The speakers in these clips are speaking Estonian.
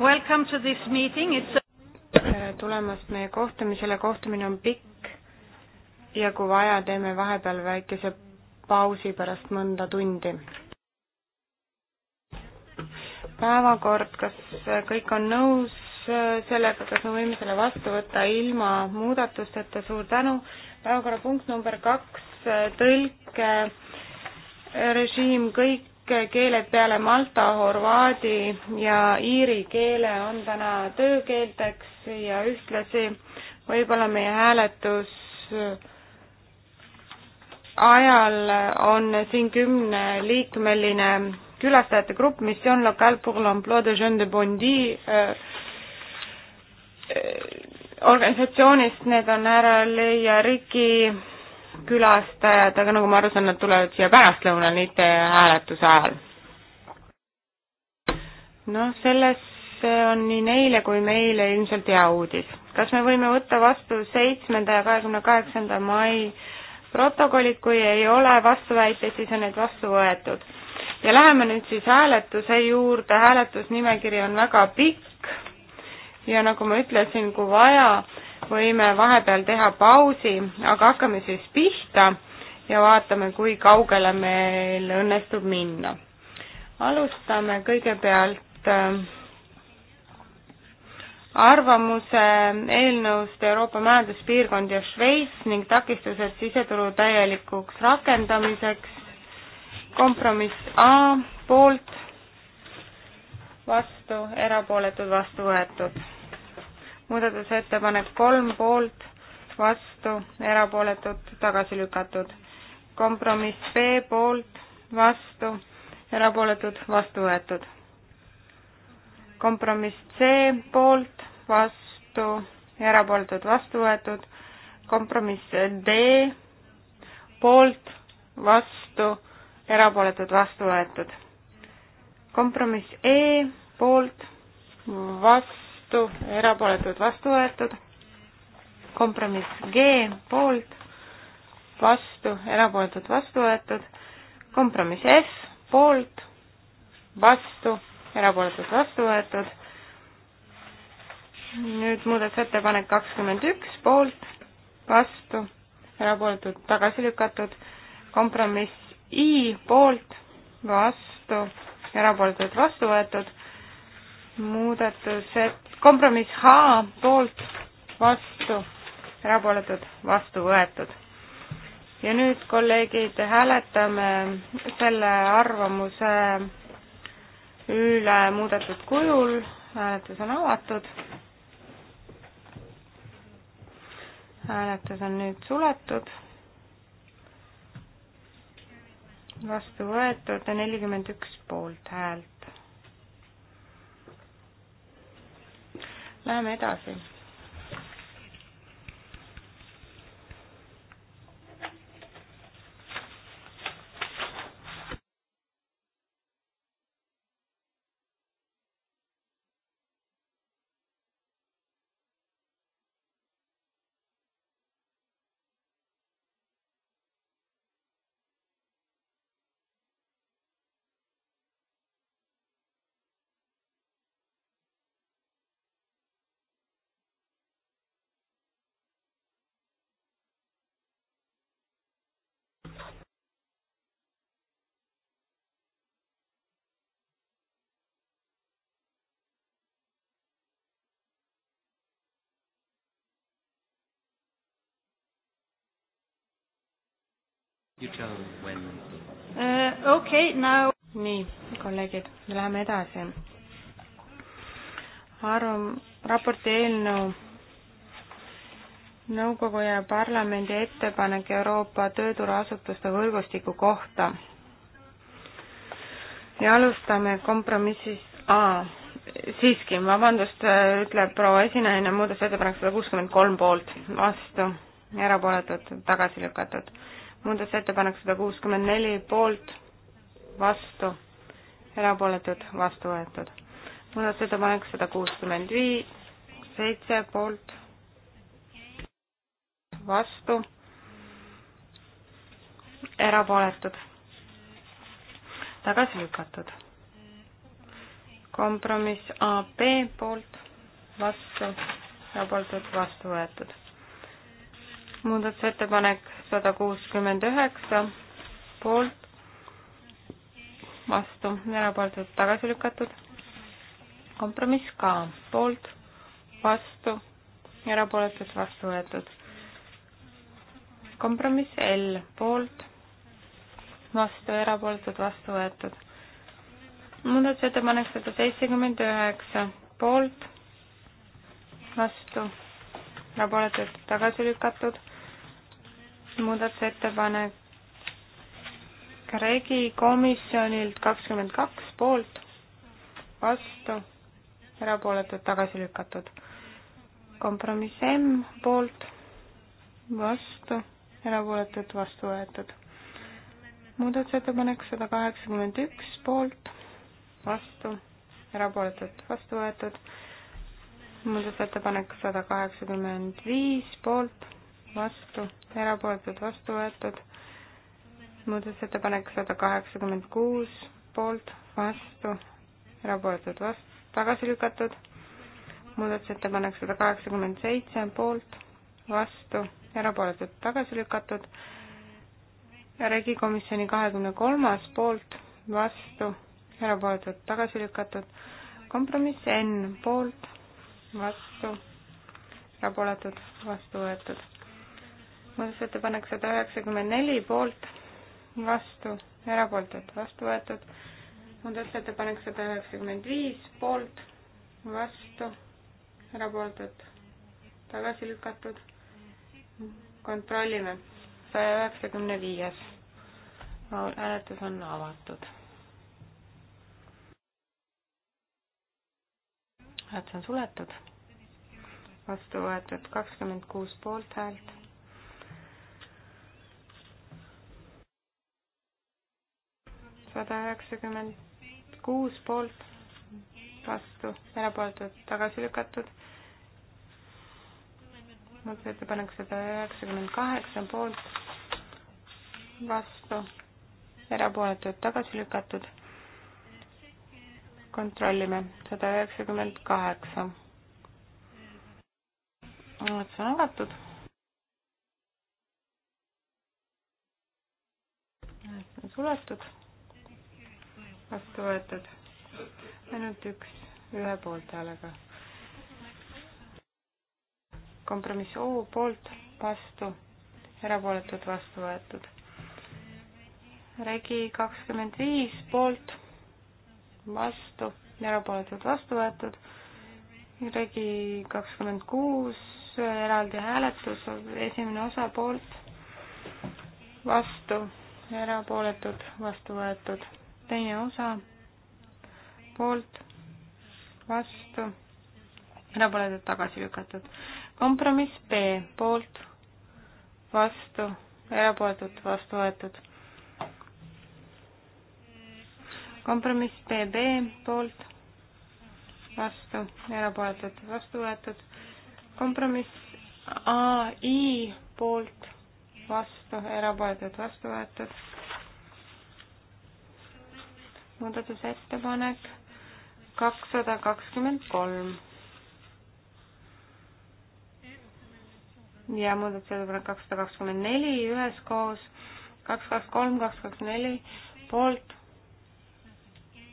Welcome to this meeting. It's tere tulemast meie kohtumisele, kohtumine on pikk ja kui vaja, teeme vahepeal väikese pausi pärast mõnda tundi. päevakord, kas kõik on nõus sellega, kas me võime selle vastu võtta ilma muudatusteta, suur tänu. päevakorrapunkt number kaks, tõlke režiim kõik kõik keeled peale malta, horvaadi ja iiri keele on täna töökeelteks ja ühtlasi võib-olla meie hääletus ajal on siin kümneliikmeline külastajate grupp, Mission Local pour l'Emploi de Jeunes de Bondi äh, äh, organisatsioonist, need on härra Leia Riki külastajad, aga nagu ma aru saan, nad tulevad siia pärastlõunal, mitte hääletuse ajal. noh, selles on nii neile kui meile ilmselt hea uudis. kas me võime võtta vastu seitsmenda ja kahekümne kaheksanda mai protokollid, kui ei ole vastuväiteid, siis on need vastu võetud. ja läheme nüüd siis hääletuse juurde, hääletusnimekiri on väga pikk ja nagu ma ütlesin, kui vaja, võime vahepeal teha pausi, aga hakkame siis pihta ja vaatame, kui kaugele meil õnnestub minna. alustame kõigepealt äh, arvamuse eelnõust Euroopa Majanduspiirkond ja Šveits ning takistused siseturu täielikuks rakendamiseks. kompromiss A poolt, vastu, erapooletud, vastu võetud muudatusettepanek kolm poolt, vastu, erapooletud, tagasi lükatud. kompromiss B poolt, vastu, erapooletud, vastu võetud. kompromiss C poolt, vastu, erapooletud, vastu võetud. kompromiss D poolt, vastu, erapooletud, vastu võetud. kompromiss E poolt, vastu, vastu, erapooletud vastu võetud. kompromiss G poolt, vastu, erapooletud vastu võetud. kompromiss F poolt, vastu, erapooletud vastu võetud. nüüd muudatusettepanek kakskümmend üks poolt, vastu, erapooletud tagasi lükatud. kompromiss I poolt, vastu, erapooletud vastu võetud muudatuset kompromiss H poolt, vastu, erapooletud, vastu võetud. ja nüüd, kolleegid, hääletame selle arvamuse üle muudetud kujul, hääletus on avatud. hääletus on nüüd suletud. vastu võetud nelikümmend üks poolthäält. Läheme edasi Uh, okay, now... nii, kolleegid, läheme edasi. arvan, raporti eelnõu nõukogu ja parlamendi ettepanek Euroopa tööturuasutuste võrgustiku kohta. ja alustame kompromissist A. siiski, vabandust, ütleb proua esinaine, muudatusettepanek sada kuuskümmend kolm poolt, vastu, erapooletud, tagasi lükatud muudatusettepanek sada kuuskümmend neli poolt, vastu, erapooletud, vastu võetud. muudatusettepanek sada kuuskümmend viis, seitse poolt, vastu, erapooletud, tagasi lükatud. kompromiss AB poolt, vastu, erapooletud, vastu võetud. muudatusettepanek sada kuuskümmend üheksa poolt, vastu, erapooletud, tagasi lükatud. kompromiss ka poolt, vastu, erapooletud, vastu võetud. kompromiss L poolt, vastu, erapooletud, vastu võetud. muudatusettepanek sada seitsekümmend üheksa poolt, vastu, erapooletud, tagasi lükatud muudatusettepanek Regi komisjonilt kakskümmend kaks poolt, vastu, erapooletud, tagasi lükatud. kompromiss M poolt, vastu, erapooletud, vastu võetud. muudatusettepanek sada kaheksakümmend üks poolt, vastu, erapooletud, vastu võetud. muudatusettepanek sada kaheksakümmend viis poolt vastu, erapooletud, vastu võetud. muudatusettepanek sada kaheksakümmend kuus, poolt, vastu, erapooletud, vastu, tagasi lükatud. muudatusettepanek sada kaheksakümmend seitse, poolt, vastu, erapooletud, tagasi lükatud. regikomisjoni kahekümne kolmas, poolt, vastu, erapooletud, tagasi lükatud. kompromiss N, poolt, vastu, erapooletud, vastu võetud muudatusettepanek sada üheksakümmend neli poolt, vastu, erapooletud, vastu võetud. muudatusettepanek sada üheksakümmend viis poolt, vastu, erapooletud, tagasi lükatud. kontrollime, saja üheksakümne viies. hääletus on avatud. hääletus on suletud vastu võetud kakskümmend kuus poolthäält sada üheksakümmend kuus poolt, vastu, erapooletud, tagasi lükatud. muudatusettepanek sada üheksakümmend kaheksa poolt, vastu, erapooletud, tagasi lükatud. kontrollime, sada üheksakümmend kaheksa. otsus on avatud suletud vastu võetud. ainult üks, ühe poolthäälega. kompromiss O poolt, vastu, erapooletud, vastu võetud. regi kakskümmend viis poolt, vastu, erapooletud, vastu võetud. regi kakskümmend kuus, eraldi hääletus, esimene osa poolt, vastu, erapooletud, vastu võetud teine osa poolt, vastu, erapooletud tagasi lükatud. kompromiss B poolt, vastu, erapooletud, vastu võetud. kompromiss BB poolt, vastu, erapooletud, vastu võetud. kompromiss AI poolt, vastu, erapooletud, vastu võetud muudatusettepanek kakssada kakskümmend kolm. ja muudatusettepanek kakssada kakskümmend neli üheskoos, kaks, kaks, kolm, kaks, kaks, neli poolt,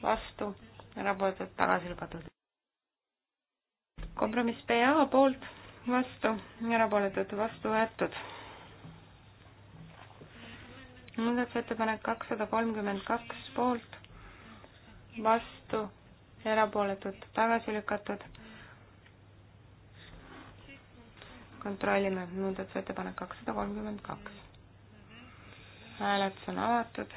vastu, erapooletud, tagasi lükatud. kompromiss PA poolt, vastu, erapooletud, vastu võetud muudatusettepanek kakssada kolmkümmend kaks poolt, vastu, erapooletud, tagasi lükatud. kontrollime muudatusettepanek kakssada kolmkümmend kaks. hääletus on avatud.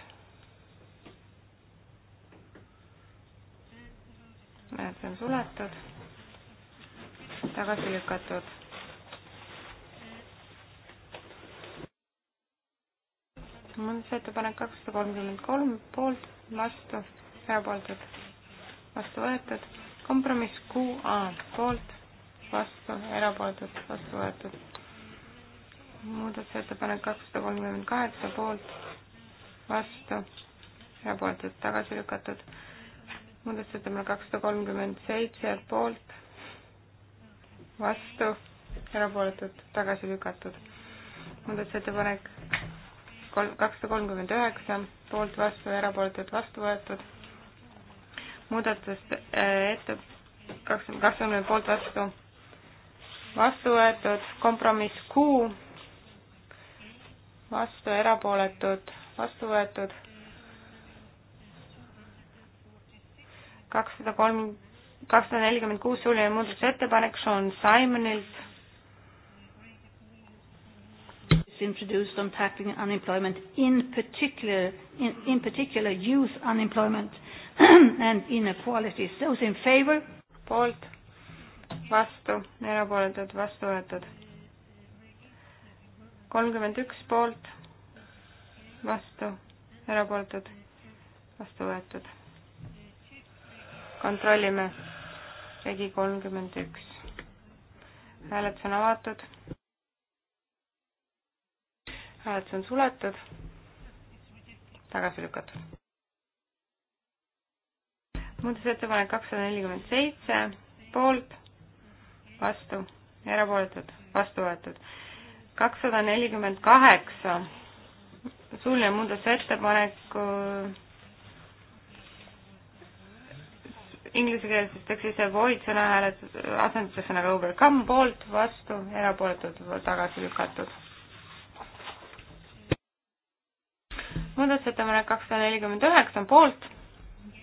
hääletus on suletud, tagasi lükatud. muudatusettepanek kakssada kolmkümmend kolm, poolt, vastu erapooletud, vastu võetud, kompromiss QA poolt, vastu, erapooletud, vastu võetud. muudatusettepanek kakssada kolmkümmend kaheksa poolt, vastu, erapooletud, tagasi lükatud. muudatusettepanek kakssada kolmkümmend seitse poolt, vastu, erapooletud, tagasi lükatud. muudatusettepanek kolm, kakssada kolmkümmend üheksa poolt, vastu, erapooletud, vastu võetud muudatust äh, ette kakskümmend, kakskümmend poolt vastu, vastu võetud, kompromiss Q, vastu erapooletud, vastu võetud, kakssada kolm, kakssada nelikümmend kuus suuline muudatusettepanek Sean Simonilt. introduced on tackling unemployment in particular in, in particular youth unemployment uh, and inequalities. Those in favor? poolt, vastu, erapooletud, vastu võetud. kolmkümmend üks poolt, vastu, erapooletud, vastu võetud. kontrollime. regi kolmkümmend üks. hääletus on avatud. hääletus on suletud. tagasi lükatud muudatusettepanek kakssada nelikümmend seitse, poolt, vastu, erapooletud, vastu võetud. kakssada nelikümmend kaheksa, suuline muudatusettepanek inglise keeles vist eks siis avoid sõnahääletus asendatakse sõnaga overcome poolt, vastu, erapooletud, tagasi lükatud. muudatusettepanek kakssada nelikümmend üheksa on poolt,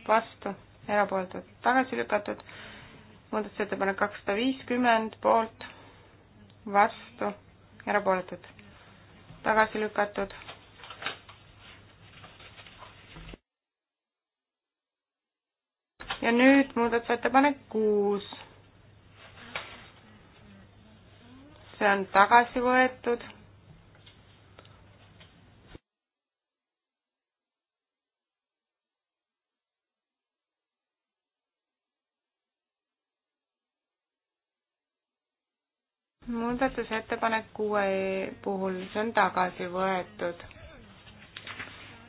vastu, erapooletud, tagasi lükatud. muudatusettepanek kakssada viiskümmend poolt, vastu, erapooletud, tagasi lükatud. ja nüüd muudatusettepanek kuus. see on tagasi võetud muudatusettepanek kuue puhul, see on tagasi võetud.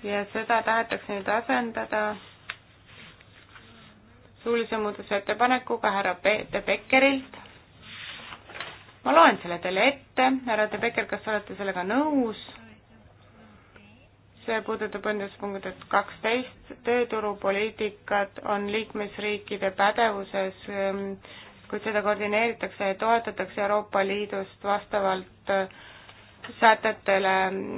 ja seda tahetakse nüüd asendada suulise muudatusettepanekuga härra Peeter Beckerilt. ma loen selle teile ette, härra De Becker, kas olete sellega nõus? see puudutab õnnespunktet kaksteist, tööturupoliitikad on liikmesriikide pädevuses ähm, kuid seda koordineeritakse ja toetatakse Euroopa Liidust vastavalt äh, sätetele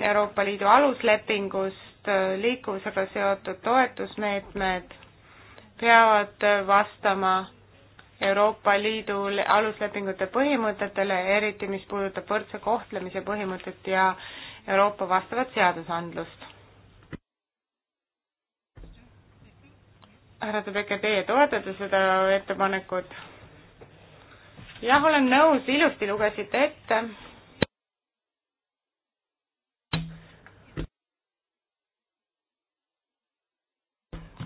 Euroopa Liidu aluslepingust, äh, liikuvusega seotud toetusmeetmed peavad vastama Euroopa Liidu aluslepingute põhimõtetele, eriti mis puudutab võrdse kohtlemise põhimõtet ja Euroopa vastavat seadusandlust. härra Tebeke, teie toetate seda ettepanekut? jah, olen nõus, ilusti lugesite ette.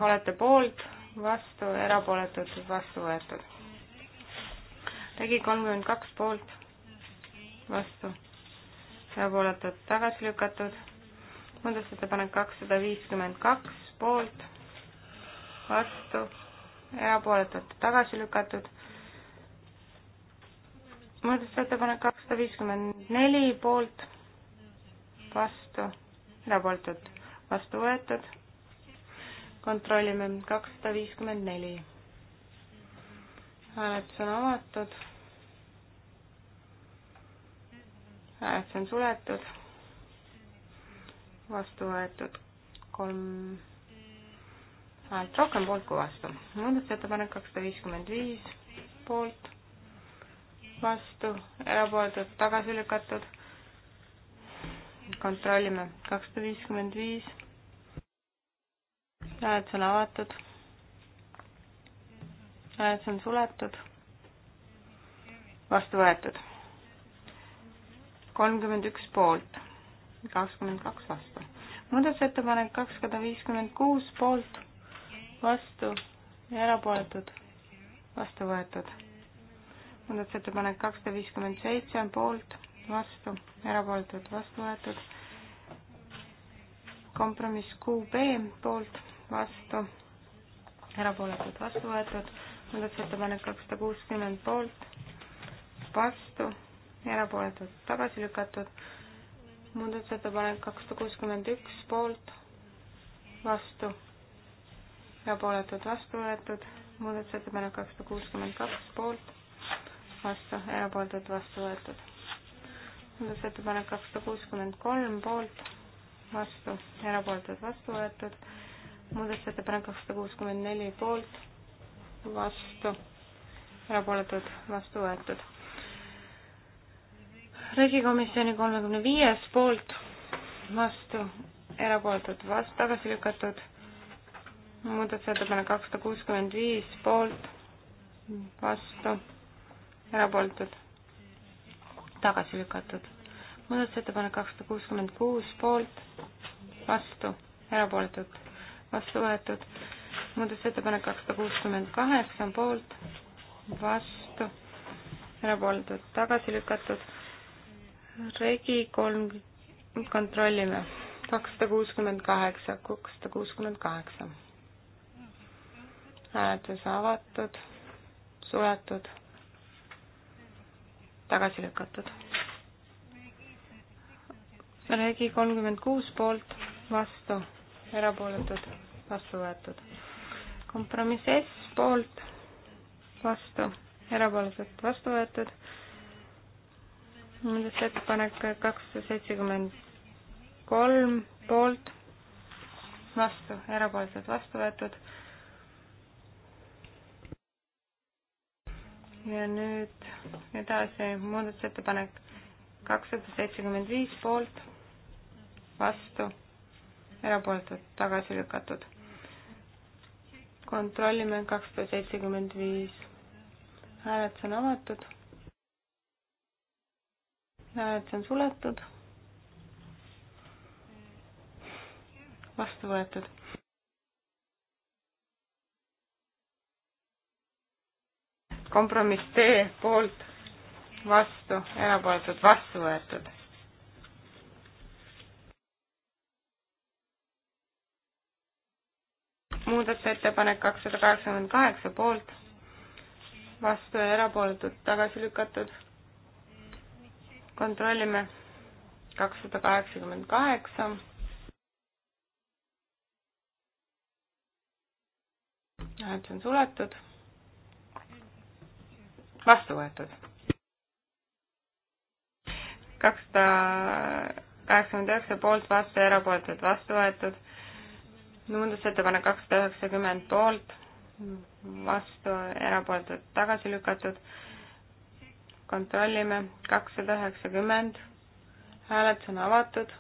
olete poolt, vastu, erapooletud, vastu võetud. tegi kolmkümmend kaks poolt, vastu, erapooletud, tagasi lükatud. muudatusettepanek kakssada viiskümmend kaks poolt, vastu, erapooletud, tagasi lükatud muudatusettepanek kakssada viiskümmend neli poolt, vastu, erapooletud, vastu võetud. kontrollime kakssada viiskümmend neli. hääletus on avatud. hääletus on suletud. vastu võetud kolm häält rohkem poolt kui vastu. muudatusettepanek kakssada viiskümmend viis poolt vastu, erapooletud, tagasi lükatud. kontrollime, kakssada viiskümmend viis. hääletus on avatud. hääletus on suletud. vastu võetud. kolmkümmend üks poolt, kakskümmend kaks vastu. muudatusettepanek kakssada viiskümmend kuus poolt, vastu ja erapooletud, vastu võetud muudatusettepanek kakssada viiskümmend seitse on poolt, vastu, erapooletud, vastu võetud. kompromiss QB poolt, vastu, erapooletud, vastu võetud. muudatusettepanek kakssada kuuskümmend poolt, vastu, erapooletud, tagasi lükatud. muudatusettepanek kakssada kuuskümmend üks poolt, vastu, erapooletud, vastu võetud. muudatusettepanek kakssada kuuskümmend kaks poolt vastu, erapooletud, vastu võetud. muudatusettepanek kakssada kuuskümmend kolm poolt, vastu, erapooletud, vastu võetud. muudatusettepanek kakssada kuuskümmend neli poolt, vastu, erapooletud, vastu võetud. riigikomisjoni kolmekümne viies poolt, vastu, erapooletud, vastu, tagasi lükatud. muudatusettepanek kakssada kuuskümmend viis poolt, vastu erapooletud, tagasi lükatud. muudatusettepanek kakssada kuuskümmend kuus poolt, vastu, erapooletud, vastu võetud. muudatusettepanek kakssada kuuskümmend kaheksa poolt, vastu, erapooletud, tagasi lükatud. regi kolm, kontrollime, kakssada kuuskümmend kaheksa, kakssada kuuskümmend kaheksa hääletus avatud, suletud tagasi lükatud. Regi kolmkümmend kuus poolt, vastu, erapooletud, vastu võetud. kompromiss S poolt, vastu, erapooletud, vastu võetud. muudatusettepanek kakssada seitsekümmend kolm poolt, vastu, erapooletud, vastu võetud ja nüüd edasi muudatusettepanek kakssada seitsekümmend viis poolt, vastu, erapooletud, tagasi lükatud. kontrollime kakssada seitsekümmend viis. hääletus on avatud. hääletus on suletud. vastu võetud kompromiss D poolt, vastu, erapooletud, vastu võetud. muudatusettepanek kakssada kaheksakümmend kaheksa poolt, vastu ja erapooletud, tagasi lükatud. kontrollime kakssada kaheksakümmend kaheksa. hääletus on suletud vastu võetud. kakssada kaheksakümmend üheksa poolt, vastu ja erapooletud, vastu võetud. muudatusettepanek kakssada üheksakümmend poolt, vastu, erapooletud, tagasi lükatud. kontrollime, kakssada üheksakümmend, hääletus on avatud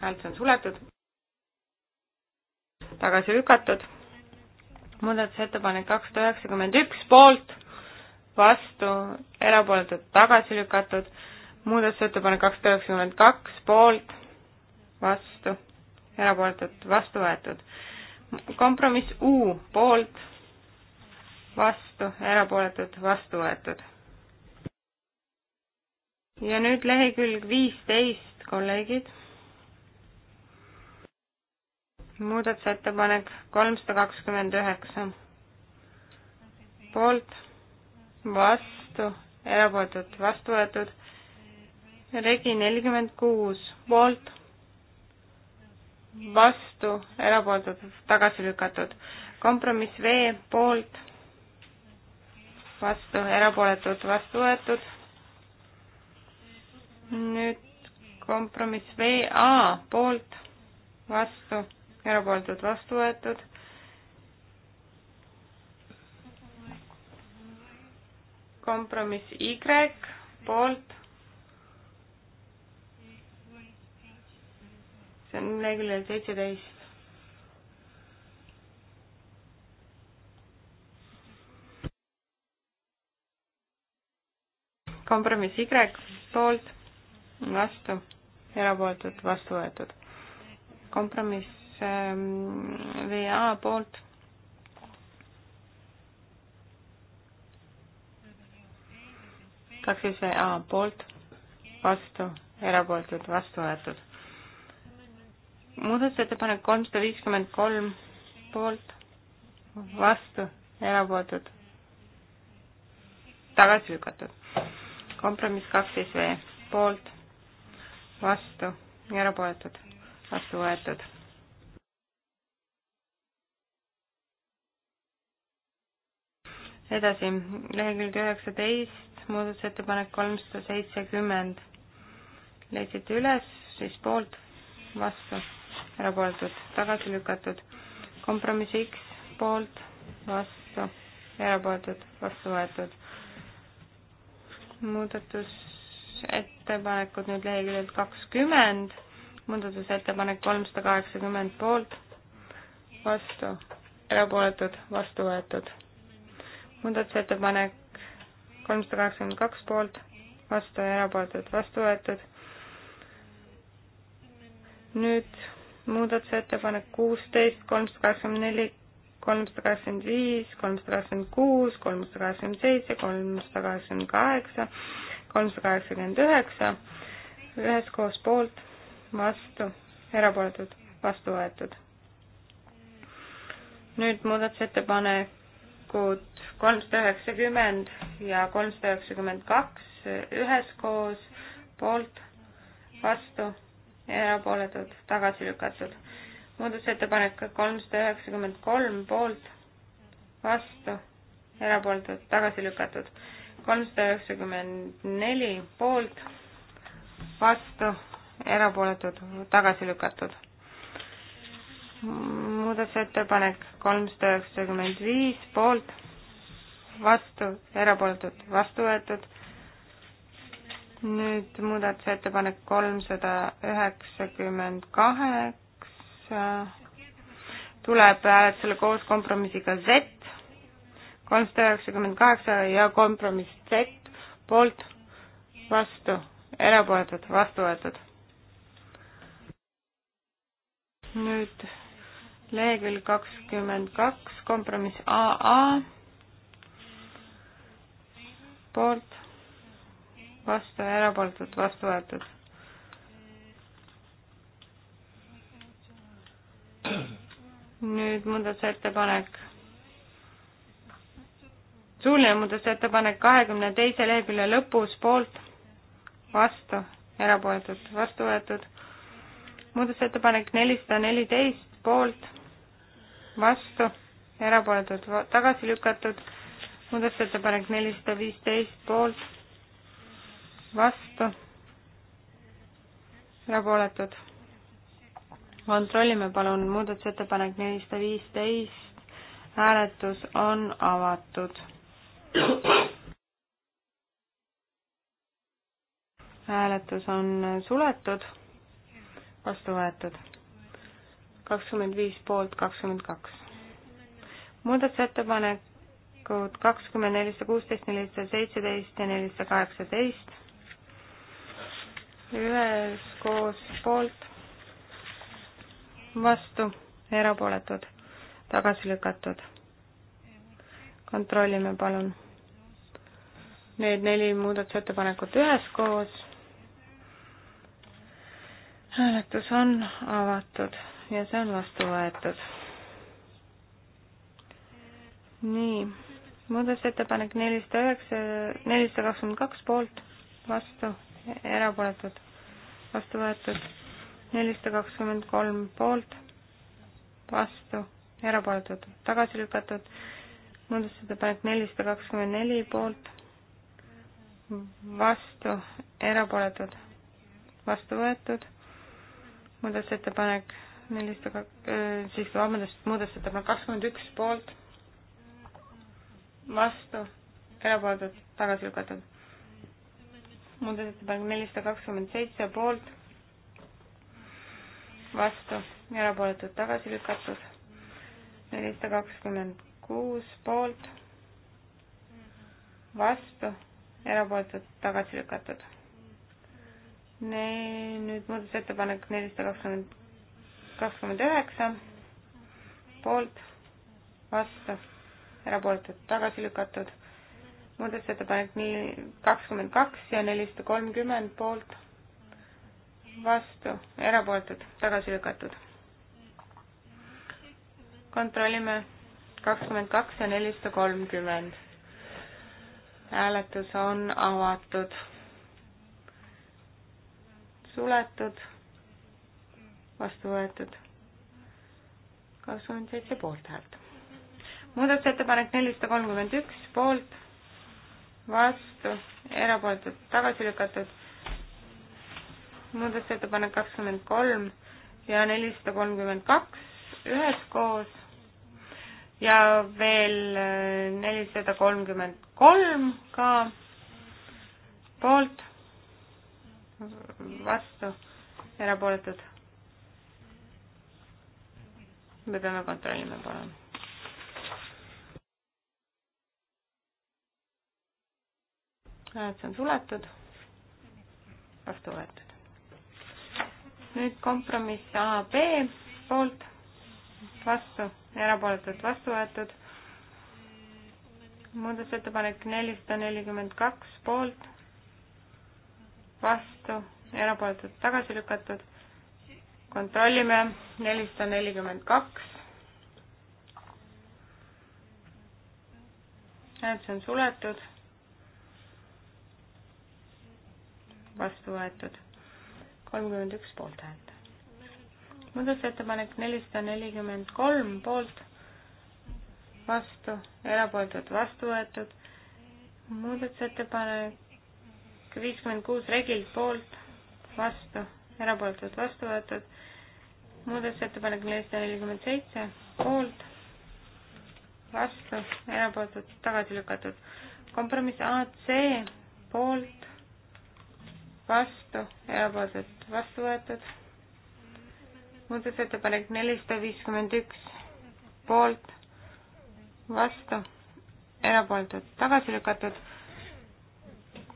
häält on suletud tagasi lükatud. muudatusettepanek kakssada üheksakümmend üks poolt, vastu, erapooletud, tagasi lükatud. muudatusettepanek kakssada üheksakümmend kaks poolt, vastu, erapooletud, vastu võetud. kompromiss U poolt, vastu, erapooletud, vastu võetud ja nüüd lehekülg viisteist, kolleegid muudatusettepanek kolmsada kakskümmend üheksa. poolt, vastu, erapooletud, vastu võetud. regi nelikümmend kuus, poolt, vastu, erapooletud, tagasi lükatud. kompromiss V, poolt, vastu, erapooletud, vastu võetud. nüüd kompromiss VA, poolt, vastu erapooletud vastu võetud. kompromiss Y poolt. see on leheküljel seitseteist. kompromiss Y poolt, vastu, erapooletud, vastu võetud. kompromiss VA poolt. kaks ühe A poolt, vastu, erapooletud, vastu võetud. muudatusettepanek kolmsada viiskümmend kolm poolt, vastu, erapooletud, tagasi lükatud. kompromiss kaksteist V poolt, vastu, erapooletud, vastu võetud edasi, lehekülg üheksateist, muudatusettepanek kolmsada seitsekümmend. leidsite üles, siis poolt, vastu, erapooletud, tagasi lükatud. kompromiss X, poolt, vastu, erapooletud, vastu võetud. muudatusettepanekud nüüd leheküljelt kakskümmend, muudatusettepanek kolmsada kaheksakümmend poolt, vastu, erapooletud, vastu võetud muudatusettepanek kolmsada kaheksakümmend kaks poolt, vastu ja erapooletud vastu võetud. nüüd muudatusettepanek kuusteist, kolmsada kaheksakümmend neli, kolmsada kaheksakümmend viis, kolmsada kaheksakümmend kuus, kolmsada kaheksakümmend seitse, kolmsada kaheksakümmend kaheksa, kolmsada kaheksakümmend üheksa, üheskoos poolt, vastu, erapooletud, vastu võetud. nüüd muudatusettepanek ettepanekud kolmsada üheksakümmend ja kolmsada üheksakümmend kaks üheskoos poolt, vastu, erapooletud, tagasi lükatud. muudatusettepanek kolmsada üheksakümmend kolm poolt, vastu, erapooletud, tagasi lükatud. kolmsada üheksakümmend neli poolt, vastu, erapooletud, tagasi lükatud muudatusettepanek kolmsada üheksakümmend viis poolt, vastu, erapooletud, vastu võetud. nüüd muudatusettepanek kolmsada üheksakümmend kaheksa tuleb hääletusele koos kompromissiga Z, kolmsada üheksakümmend kaheksa ja kompromiss Z poolt, vastu, erapooletud, vastu võetud. nüüd lehekülg kakskümmend kaks, kompromiss AA, poolt, vastu ja erapooletult vastu võetud. nüüd muudatusettepanek, suuline muudatusettepanek kahekümne teise lehekülje lõpus, poolt, vastu, erapooletult vastu võetud. muudatusettepanek nelisada neliteist, poolt vastu, erapooletud tagasi lükatud, muudatusettepanek nelisada viisteist poolt, vastu, erapooletud. kontrollime palun muudatusettepanek nelisada viisteist, hääletus on avatud. hääletus on suletud, vastu võetud kakskümmend viis poolt kakskümmend kaks. muudatusettepanekud kakskümmend nelisada kuusteist, nelisada seitseteist ja nelisada kaheksateist üheskoos poolt, vastu, erapooletud, tagasi lükatud. kontrollime palun. Need neli muudatusettepanekut üheskoos. hääletus on avatud ja see on vastu võetud. nii, muudatusettepanek nelisada üheksa, nelisada kakskümmend kaks poolt, vastu, erapooletud, vastu võetud, nelisada kakskümmend kolm poolt, vastu, erapooletud, tagasi lükatud, muudatusettepanek nelisada kakskümmend neli poolt, vastu, erapooletud, vastu võetud, muudatusettepanek nelisada, äh, siis vabandust, muudatusettepanek kakskümmend üks poolt, vastu, erapooletud, tagasi lükatud. muudatusettepanek nelisada kakskümmend seitse poolt, vastu, erapooletud, tagasi lükatud. nelisada kakskümmend kuus poolt, vastu, erapooletud, tagasi lükatud. Nee, nüüd muudatusettepanek nelisada kakskümmend kakskümmend üheksa, poolt, vastu, erapooletud, tagasi lükatud. muudatusettepanek nii kakskümmend kaks ja nelisada kolmkümmend poolt, vastu, erapooletud, tagasi lükatud. kontrollime kakskümmend kaks ja nelisada kolmkümmend. hääletus on avatud, suletud vastu võetud kakskümmend seitse poolthäält. muudatusettepanek nelisada kolmkümmend üks poolt, vastu, erapooletud, tagasi lükatud. muudatusettepanek kakskümmend kolm ja nelisada kolmkümmend kaks üheskoos ja veel äh, nelisada kolmkümmend kolm ka poolt, vastu, erapooletud me peame kontrollima, palun. hääled on suletud, vastu võetud. nüüd kompromiss AB poolt, vastu, erapooletult vastu võetud. muudatusettepanek nelisada nelikümmend kaks poolt, vastu, erapooletult tagasi lükatud. kontrollime nelisada nelikümmend kaks. hääletus on suletud. vastu võetud kolmkümmend üks poolthäält. muudatusettepanek nelisada nelikümmend kolm poolt, vastu, erapooletud, vastu võetud. muudatusettepanek viiskümmend kuus regilt poolt, vastu, erapooletud, vastu võetud muudatusettepanek nelisada nelikümmend seitse, poolt, vastu, erapooletud, tagasi lükatud. kompromiss AC, poolt, vastu, erapooletud, vastu võetud. muudatusettepanek nelisada viiskümmend üks, poolt, vastu, erapooletud, tagasi lükatud.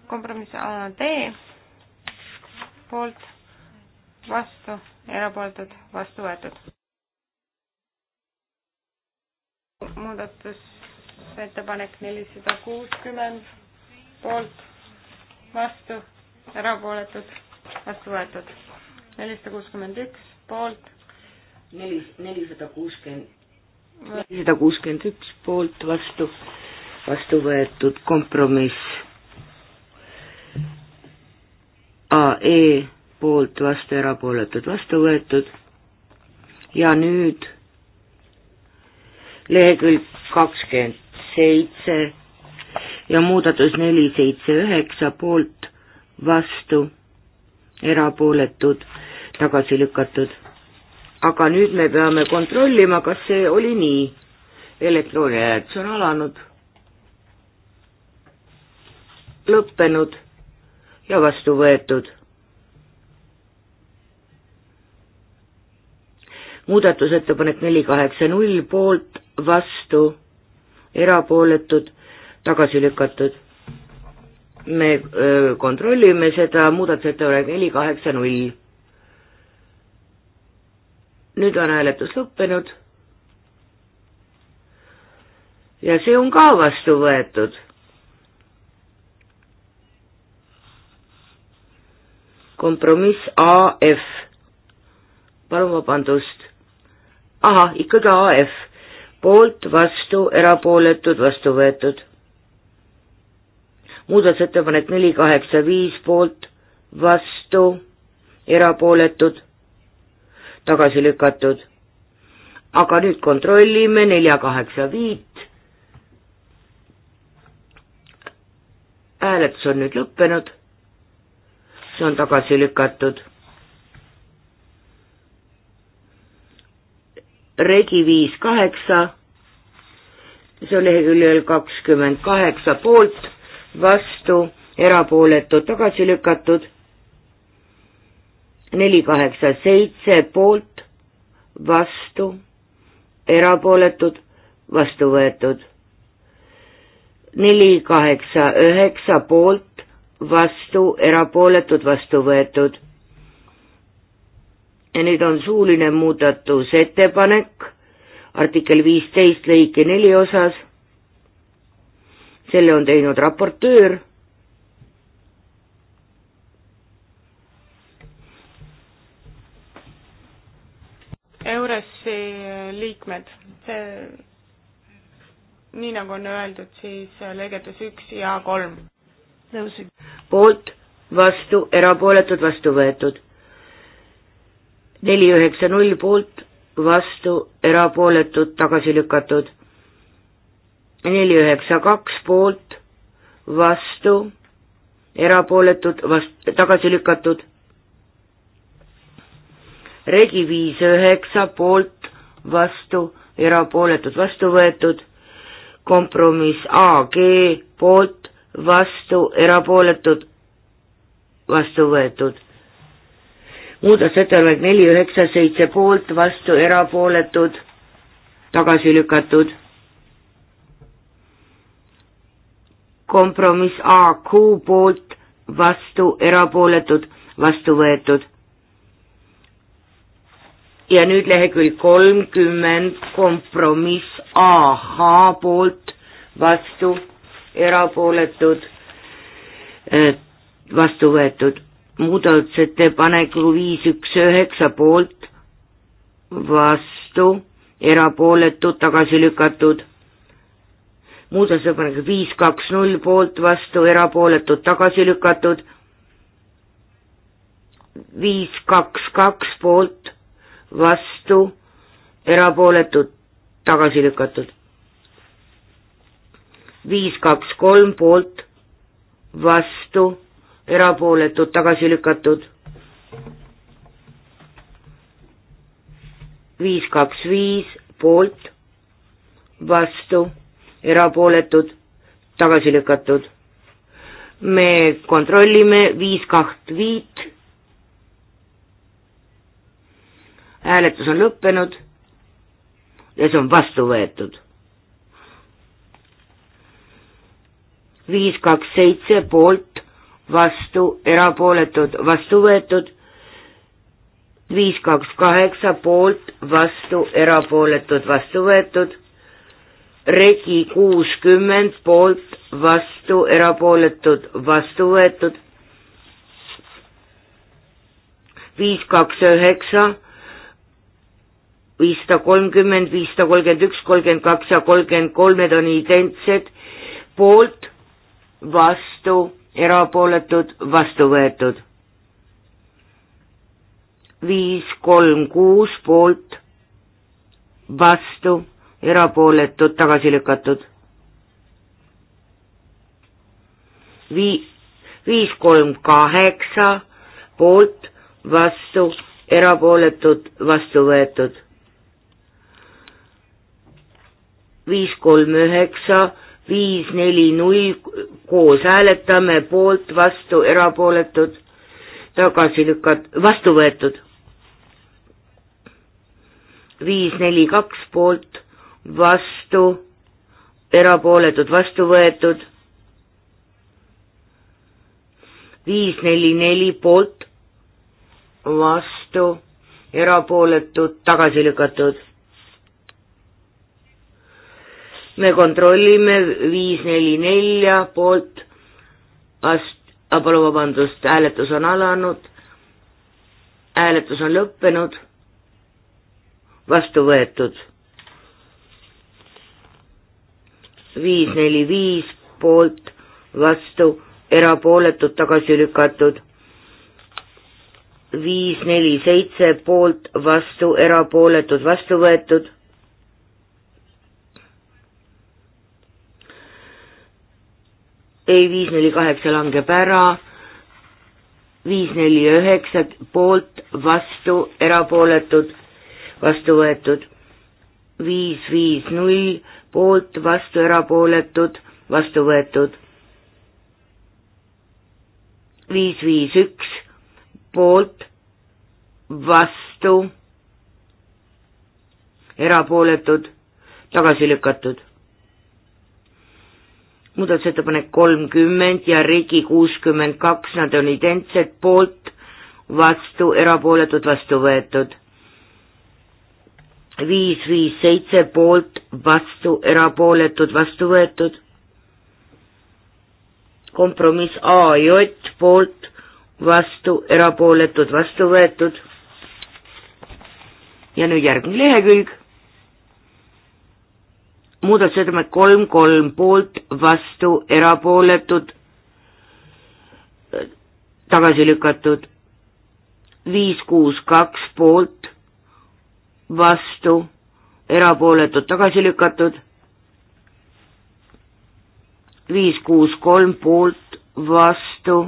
kompromiss AD, poolt, vastu erapooletud, vastu võetud. muudatusettepanek nelisada kuuskümmend, poolt, vastu, erapooletud, vastu võetud. nelisada kuuskümmend üks, poolt. neli, nelisada kuuskümmend, nelisada kuuskümmend üks, poolt, vastu, vastu võetud kompromiss. AE poolt, vastu, erapooletud, vastu võetud. ja nüüd lehekülg kakskümmend seitse ja muudatus neli, seitse, üheksa poolt, vastu, erapooletud, tagasi lükatud. aga nüüd me peame kontrollima, kas see oli nii. elektrooniline hääletus on alanud, lõppenud ja vastu võetud muudatusettepanek neli kaheksa null poolt, vastu, erapooletud, tagasi lükatud. me öö, kontrollime seda muudatusettepanek neli kaheksa null. nüüd on hääletus lõppenud. ja see on ka vastu võetud kompromiss AF. palun vabandust ahah, ikkagi AF, poolt, vastu, erapooletud, vastu võetud. muudatusettepanek neli, kaheksa, viis, poolt, vastu, erapooletud, tagasi lükatud. aga nüüd kontrollime nelja, kaheksa, viit. hääletus on nüüd lõppenud, see on tagasi lükatud regi viis kaheksa, see on leheküljel kakskümmend kaheksa poolt, vastu, erapooletud, tagasi lükatud, neli kaheksa seitse poolt, vastu, erapooletud, vastu võetud, neli kaheksa üheksa poolt, vastu, erapooletud, vastu võetud ja nüüd on suuline muudatusettepanek artikkel viisteist lõike neli osas. selle on teinud raportöör. Euresi liikmed, see, nii nagu on öeldud, siis lõigetes üks ja kolm. poolt, vastu, erapooletud, vastu võetud neli üheksa null poolt, vastu, erapooletud, tagasi lükatud. neli üheksa kaks poolt, vastu, erapooletud, vast-, tagasi lükatud. regi viis üheksa poolt, vastu, erapooletud, vastu võetud. kompromiss AG poolt, vastu, erapooletud, vastu võetud muudatusettepanek neli üheksa seitse poolt, vastu erapooletud, tagasi lükatud. kompromiss AQ poolt, vastu erapooletud, vastu võetud. ja nüüd lehekülg kolmkümmend, kompromiss AH poolt, vastu erapooletud, eh, vastu võetud muudatusettepanekul viis üks üheksa poolt, vastu, erapooletud, tagasi lükatud. muudatusettepanek viis kaks null poolt, vastu, erapooletud, tagasi lükatud. viis kaks kaks poolt, vastu, erapooletud, tagasi lükatud. viis kaks kolm poolt, vastu erapooletud, tagasi lükatud. viis, kaks, viis poolt, vastu, erapooletud, tagasi lükatud. me kontrollime viis, kaht, viit. hääletus on lõppenud ja see on vastu võetud. viis, kaks, seitse poolt vastu, erapooletud, vastu võetud, viis, kaks, kaheksa poolt, vastu, erapooletud, vastu võetud, regi kuuskümmend poolt, vastu, erapooletud, vastu võetud, viis, kaks, üheksa, viissada kolmkümmend, viissada kolmkümmend üks, kolmkümmend kaks ja kolmkümmend kolm, need on identsed, poolt, vastu erapooletud, vastu võetud. viis, kolm, kuus poolt, vastu, erapooletud, tagasi lükatud. Vii-, viis, kolm, kaheksa poolt, vastu, erapooletud, vastu võetud. viis, kolm, üheksa viis, neli, null, koos hääletame poolt, vastu, erapooletud, tagasi lükat-, vastu võetud. viis, neli, kaks poolt, vastu, erapooletud, vastu võetud. viis, neli, neli poolt, vastu, erapooletud, tagasi lükatud me kontrollime viis, neli, nelja poolt, ast-, ah, palun vabandust, hääletus on alanud, hääletus on lõppenud, vastu võetud. viis, neli, viis poolt, vastu, erapooletud, tagasi lükatud viis, neli, seitse poolt, vastu, erapooletud, vastu võetud. ei, viis, neli, kaheksa langeb ära, viis, neli, üheksa poolt, vastu, erapooletud, vastu võetud, viis, viis, null poolt, vastu, erapooletud, vastu võetud, viis, viis, üks poolt, vastu, erapooletud, tagasi lükatud muudatusettepanek kolmkümmend ja Regi kuuskümmend kaks, nad on identsed, poolt, vastu, erapooletud, vastu võetud. viis, viis, seitse, poolt, vastu, erapooletud, vastu võetud. kompromiss AJ, poolt, vastu, erapooletud, vastu võetud. ja nüüd järgmine lehekülg muudatusettepanek kolm, kolm poolt, vastu, erapooletud, tagasi lükatud, viis, kuus, kaks poolt, vastu, erapooletud, tagasi lükatud, viis, kuus, kolm poolt, vastu,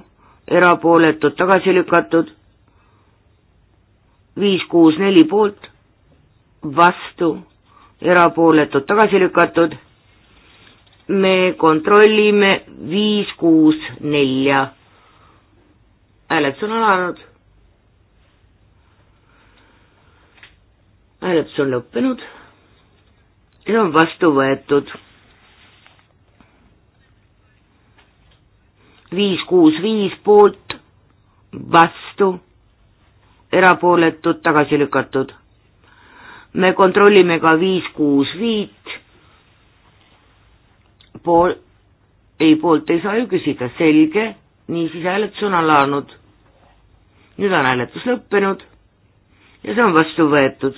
erapooletud, tagasi lükatud, viis, kuus, neli poolt, vastu erapooletud tagasi lükatud. me kontrollime viis, kuus, nelja. hääletus on alanud. hääletus on lõppenud. ja on vastu võetud. viis, kuus, viis poolt, vastu, erapooletud, tagasi lükatud me kontrollime ka viis, kuus, viit. pool, ei poolt ei saa ju küsida, selge, niisiis hääletus on alanud. nüüd on hääletus lõppenud ja see on vastu võetud.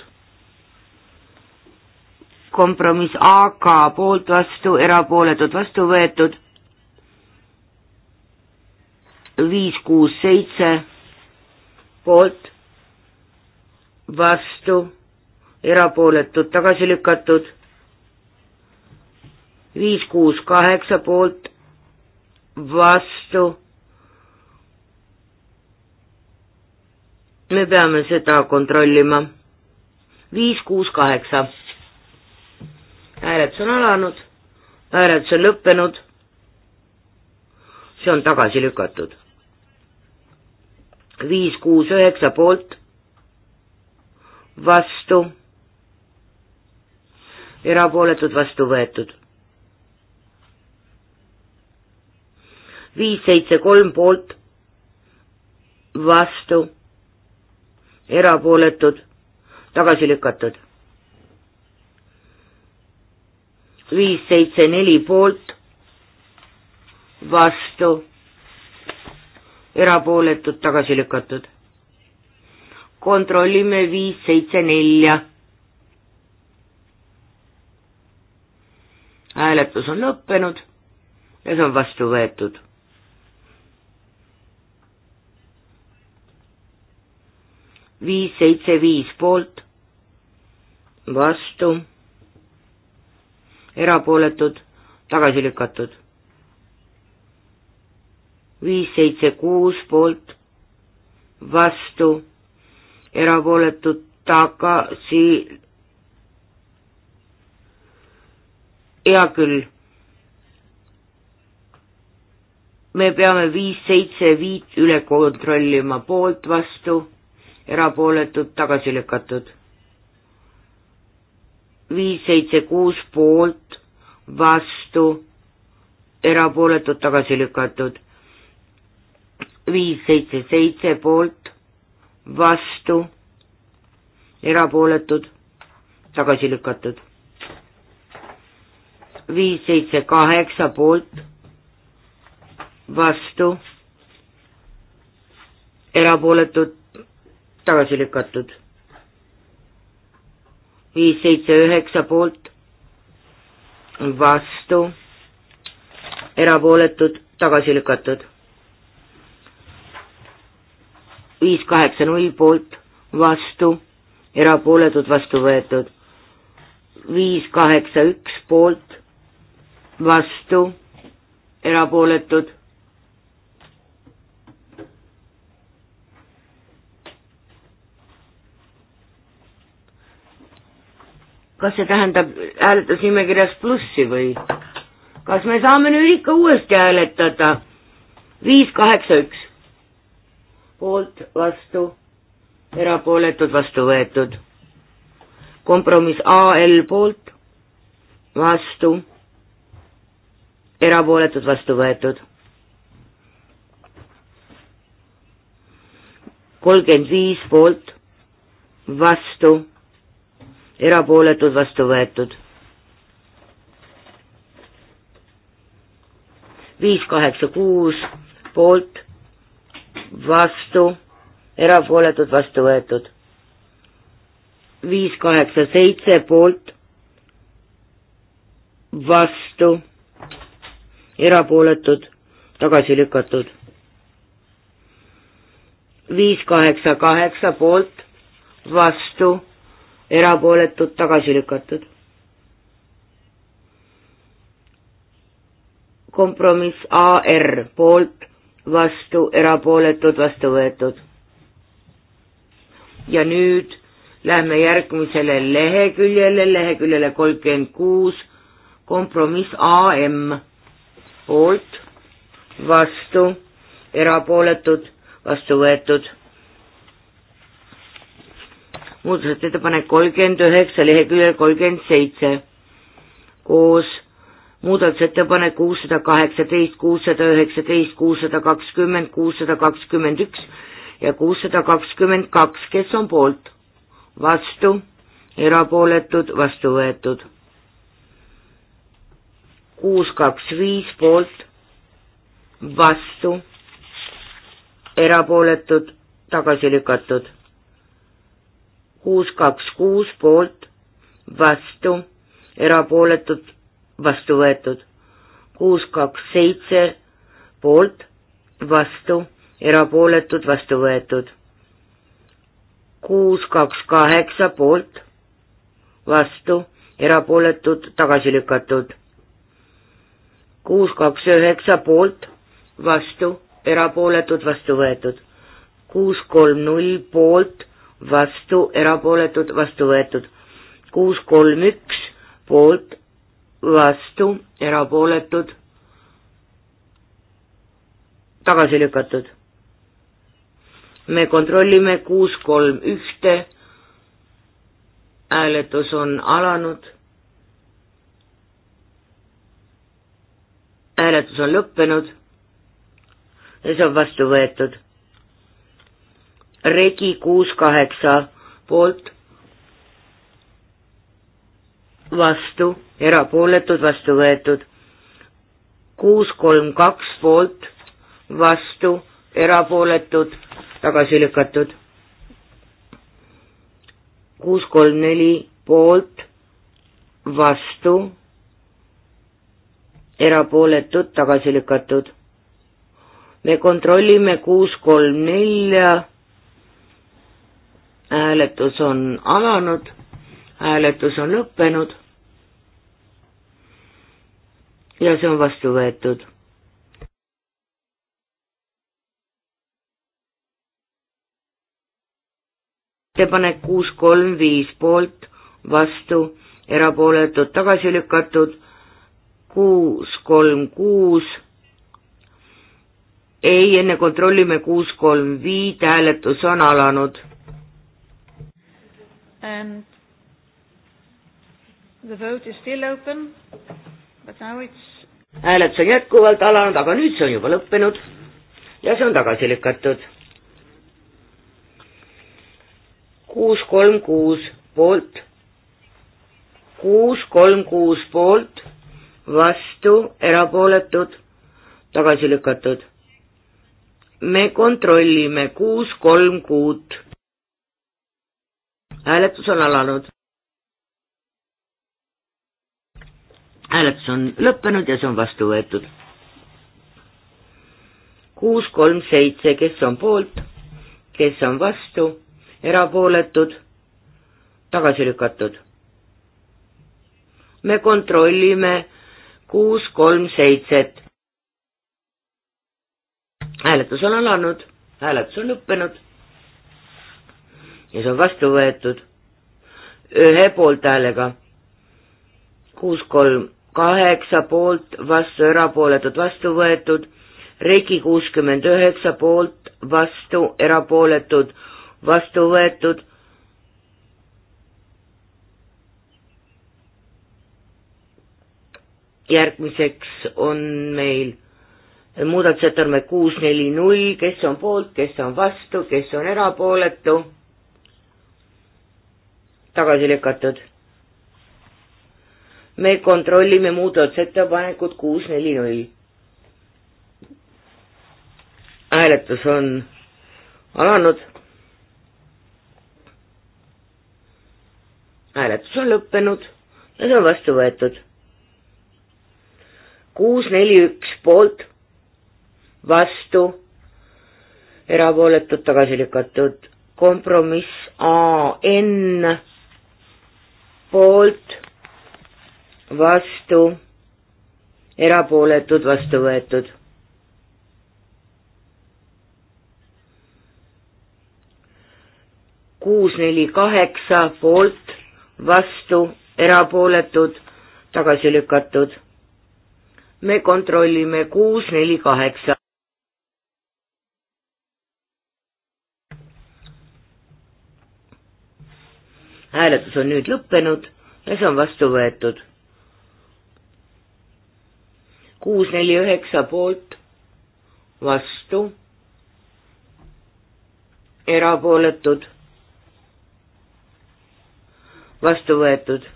kompromiss AK poolt vastu, erapooletud vastu võetud. viis, kuus, seitse poolt vastu erapooletud tagasi lükatud, viis, kuus, kaheksa poolt, vastu. me peame seda kontrollima. viis, kuus, kaheksa. hääletus on alanud, hääletus on lõppenud. see on tagasi lükatud. viis, kuus, üheksa poolt, vastu erapooletud, vastu võetud. viis, seitse, kolm poolt, vastu, erapooletud, tagasi lükatud. viis, seitse, neli poolt, vastu, erapooletud, tagasi lükatud. kontrollime viis, seitse, nelja hääletus on lõppenud ja see on vastu võetud. viis, seitse, viis poolt, vastu, erapooletud, tagasi lükatud. viis, seitse, kuus poolt, vastu, erapooletud, tagasi hea küll. me peame viis, seitse, viit üle kontrollima, poolt, vastu, erapooletud, tagasi lükatud. viis, seitse, kuus poolt, vastu, erapooletud, tagasi lükatud. viis, seitse, seitse poolt, vastu, erapooletud, tagasi lükatud viis, seitse, kaheksa poolt, vastu, erapooletud, tagasi lükatud. viis, seitse, üheksa poolt, vastu, erapooletud, tagasi lükatud. viis, kaheksa, null poolt, vastu, erapooletud, vastu võetud. viis, kaheksa, üks poolt vastu, erapooletud. kas see tähendab hääletusnimekirjas plussi või? kas me saame nüüd ikka uuesti hääletada? viis, kaheksa, üks. poolt, vastu, erapooletud, vastu võetud. kompromiss AL poolt, vastu erapooletud, vastu võetud. kolmkümmend viis poolt, vastu, erapooletud, vastu võetud. viis, kaheksa, kuus poolt, vastu, erapooletud, vastu võetud. viis, kaheksa, seitse poolt, vastu erapooletud, tagasi lükatud. viis kaheksa kaheksa poolt, vastu, erapooletud, tagasi lükatud. kompromiss AR poolt, vastu, erapooletud, vastu võetud. ja nüüd lähme järgmisele leheküljele, leheküljele kolmkümmend kuus, kompromiss AM poolt, vastu, erapooletud, vastu võetud. muudatusettepanek kolmkümmend üheksa, leheküljel kolmkümmend seitse koos muudatusettepanek kuussada kaheksateist, kuussada üheksateist, kuussada kakskümmend, kuussada kakskümmend üks ja kuussada kakskümmend kaks, kes on poolt, vastu, erapooletud, vastu võetud kuus, kaks, viis poolt, vastu, erapooletud, tagasi lükatud. kuus, kaks, kuus poolt, vastu, erapooletud, vastu võetud. kuus, kaks, seitse poolt, vastu, erapooletud, vastu võetud. kuus, kaks, kaheksa poolt, vastu, erapooletud, tagasi lükatud kuus, kaks, üheksa poolt, vastu, erapooletud, vastu võetud. kuus, kolm, null poolt, vastu, erapooletud, vastu võetud. kuus, kolm, üks poolt, vastu, erapooletud, tagasi lükatud. me kontrollime kuus, kolm, ühte, hääletus on alanud hääletus on lõppenud ja see on vastu võetud. regi kuus kaheksa poolt, vastu, erapooletud, vastu võetud. kuus kolm kaks poolt, vastu, erapooletud, tagasi lükatud. kuus kolm neli poolt, vastu erapooletud, tagasi lükatud. me kontrollime kuus, kolm, nelja. hääletus on alanud, hääletus on lõppenud. ja see on vastu võetud ettepanek kuus kolm viis poolt, vastu, erapooletud tagasi lükatud kuus, kolm, kuus. ei, enne kontrollime kuus, kolm, viit, hääletus on alanud and the vote is still open, but now it's hääletus on jätkuvalt alanud, aga nüüd see on juba lõppenud ja see on tagasi lükatud. kuus, kolm, kuus poolt, kuus, kolm, kuus poolt, vastu, erapooletud, tagasi lükatud. me kontrollime kuus, kolm kuud. hääletus on alanud. hääletus on lõppenud ja see on vastu võetud. kuus, kolm, seitse, kes on poolt, kes on vastu, erapooletud, tagasi lükatud. me kontrollime kuus, kolm, seitset. hääletus on alanud, hääletus on lõppenud ja see on vastu võetud ühe poolthäälega. kuus, kolm, kaheksa poolt, vastu, erapooletud, vastu võetud, Regi kuuskümmend üheksa poolt, vastu, erapooletud, vastu võetud järgmiseks on meil muudatusettepanek kuus, neli, null, kes on poolt, kes on vastu, kes on erapooletu, tagasi lükatud. me kontrollime muudatusettepanekut kuus, neli, null. hääletus on alanud. hääletus on lõppenud ja see on vastu võetud kuus, neli, üks poolt, vastu, erapooletud, tagasi lükatud, kompromiss A N poolt, vastu, erapooletud, vastu võetud. kuus, neli, kaheksa poolt, vastu, erapooletud, tagasi lükatud me kontrollime kuus, neli, kaheksa. hääletus on nüüd lõppenud ja see on vastu võetud. kuus, neli, üheksa poolt, vastu, erapooletud, vastu võetud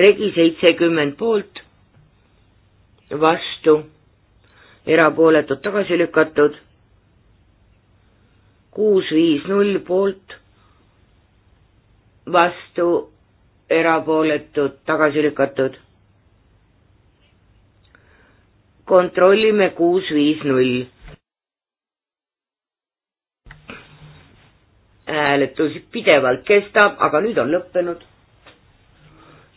regi seitsekümmend poolt, vastu, erapooletud tagasi lükatud, kuus viis null poolt, vastu, erapooletud tagasi lükatud. kontrollime kuus viis null. hääletus pidevalt kestab, aga nüüd on lõppenud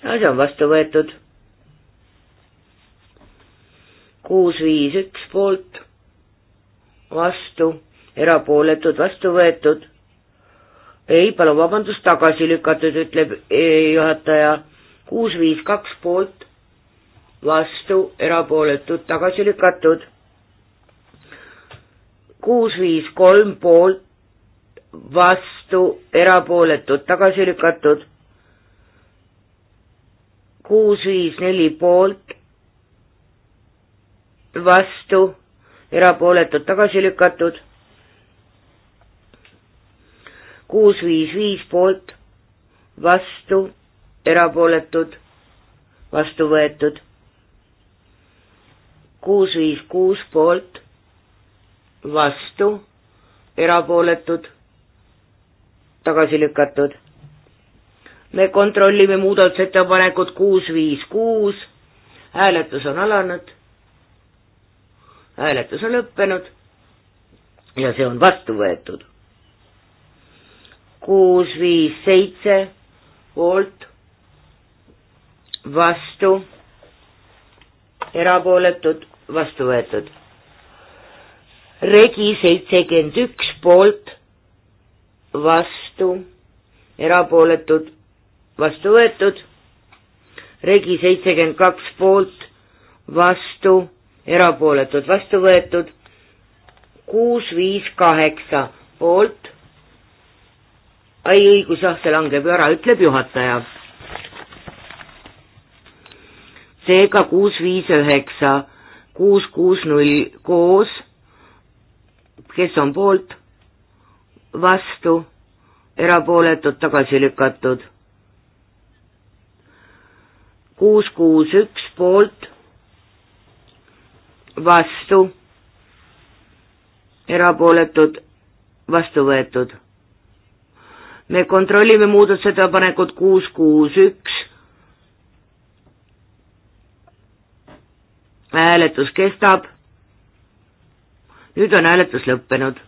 see on vastu võetud. kuus, viis, üks poolt, vastu, erapooletud, vastu võetud. ei, palun vabandust, tagasi lükatud, ütleb e, juhataja. kuus, viis, kaks poolt, vastu, erapooletud, tagasi lükatud. kuus, viis, kolm poolt, vastu, erapooletud, tagasi lükatud kuus, viis, neli poolt, vastu, erapooletud tagasi lükatud, kuus, viis, viis poolt, vastu, erapooletud, vastu võetud, kuus, viis, kuus poolt, vastu, erapooletud, tagasi lükatud, me kontrollime muudatusettepanekut kuus, viis, kuus, hääletus on alanud, hääletus on lõppenud ja see on vastu võetud. kuus, viis, seitse poolt, vastu, erapooletud, vastu võetud. regi seitsekümmend üks poolt, vastu, erapooletud vastu võetud, regi seitsekümmend kaks poolt, vastu, erapooletud, vastu võetud, kuus, viis, kaheksa poolt, ai õigus, jah, see langeb ju ära, ütleb juhataja. seega kuus, viis, üheksa, kuus, kuus, null koos, kes on poolt, vastu, erapooletud, tagasi lükatud kuus, kuus, üks poolt, vastu, erapooletud, vastu võetud. me kontrollime muudatusettepanekut kuus, kuus, üks. hääletus kestab. nüüd on hääletus lõppenud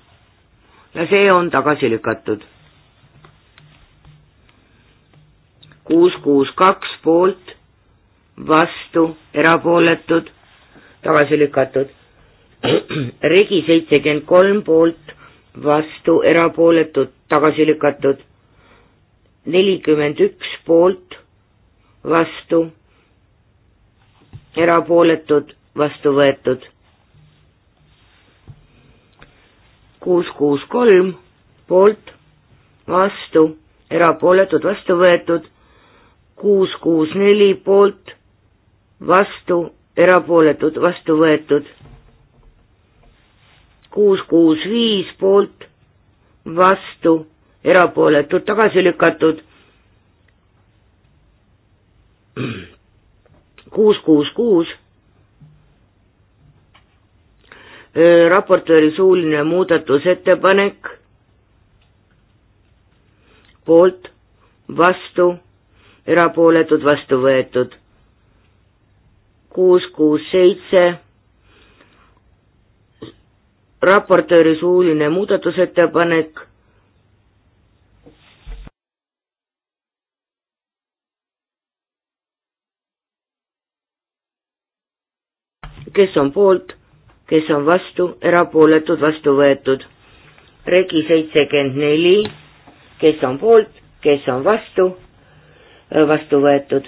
ja see on tagasi lükatud. kuus, kuus, kaks poolt vastu, erapooletud, tagasi lükatud. Regi seitsekümmend kolm poolt, vastu, erapooletud, tagasi lükatud. nelikümmend üks poolt, vastu, erapooletud, vastu võetud. kuus, kuus, kolm poolt, vastu, erapooletud, vastu võetud kuus, kuus, neli poolt, vastu, erapooletud, vastu võetud. kuus, kuus, viis poolt, vastu, erapooletud, tagasi lükatud. kuus, kuus, kuus. raportööri suuline muudatusettepanek poolt, vastu, erapooletud, vastu võetud kuus, kuus, seitse, raportööri suuline muudatusettepanek, kes on poolt, kes on vastu, erapooletud, vastu võetud. regi seitsekümmend neli, kes on poolt, kes on vastu, vastu võetud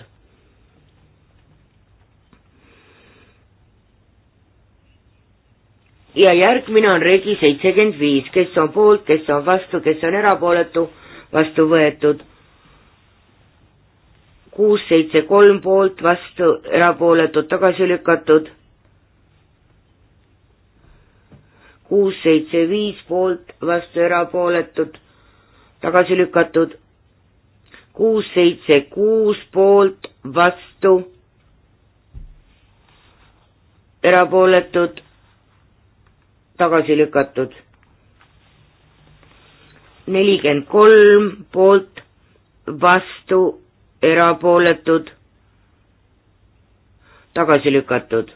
ja järgmine on regi seitsekümmend viis, kes on poolt, kes on vastu, kes on erapooletu, vastu võetud. kuus, seitse, kolm poolt, vastu, erapooletud, tagasi lükatud. kuus, seitse, viis poolt, vastu, erapooletud, tagasi lükatud. kuus, seitse, kuus poolt, vastu, erapooletud tagasi lükatud. nelikümmend kolm poolt, vastu, erapooletud, tagasi lükatud.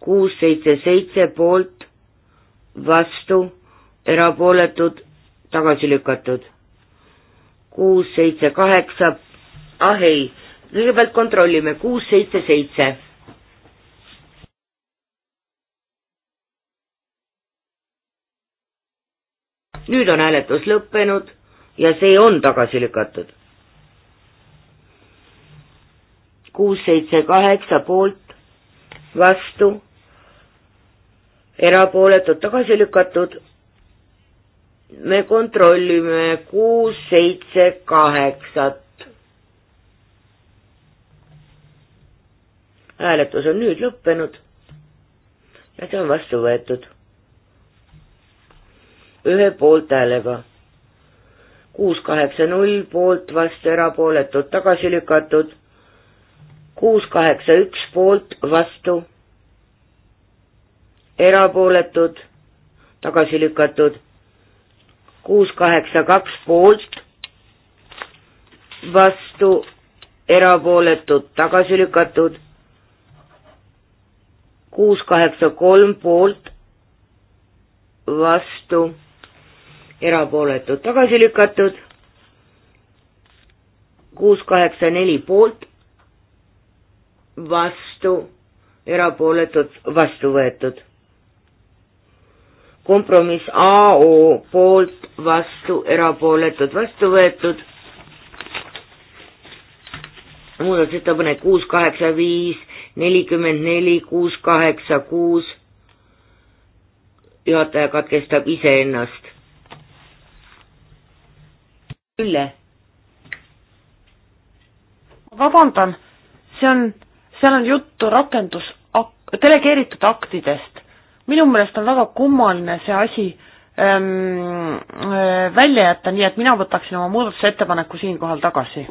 kuus, seitse, seitse poolt, vastu, erapooletud, tagasi lükatud. kuus, seitse, kaheksa, ah ei, kõigepealt kontrollime, kuus, seitse, seitse nüüd on hääletus lõppenud ja see on tagasi lükatud. kuus, seitse, kaheksa poolt, vastu, erapooletud tagasi lükatud. me kontrollime kuus, seitse, kaheksat. hääletus on nüüd lõppenud ja see on vastu võetud ühe poolthäälega. kuus kaheksa null poolt, vastu erapooletud, tagasi lükatud. kuus kaheksa üks poolt, vastu erapooletud, tagasi lükatud. kuus kaheksa kaks poolt, vastu erapooletud, tagasi lükatud. kuus kaheksa kolm poolt, vastu erapooletud tagasi lükatud, kuus kaheksa neli poolt, vastu, erapooletud, vastu võetud. kompromiss AO poolt, vastu, erapooletud, vastu võetud. muudatusettepanek kuus kaheksa viis, nelikümmend neli, kuus kaheksa kuus. juhataja katkestab iseennast üle. vabandan, see on, seal on juttu rakendus, delegeeritud aktidest. minu meelest on väga kummaline see asi ähm, äh, välja jätta, nii et mina võtaksin oma muudatusettepaneku siinkohal tagasi.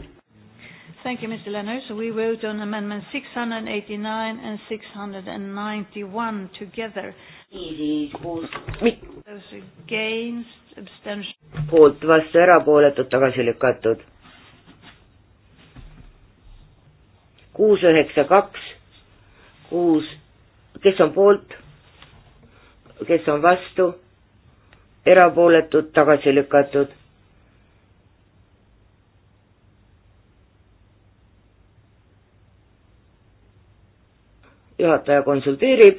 Thank you, Mr. Leonard. So we vote on amendment 689 and 691 together. Those against poolt, vastu, erapooletud, tagasi lükatud. kuus, üheksa, kaks, kuus, kes on poolt, kes on vastu, erapooletud, tagasi lükatud. juhataja konsulteerib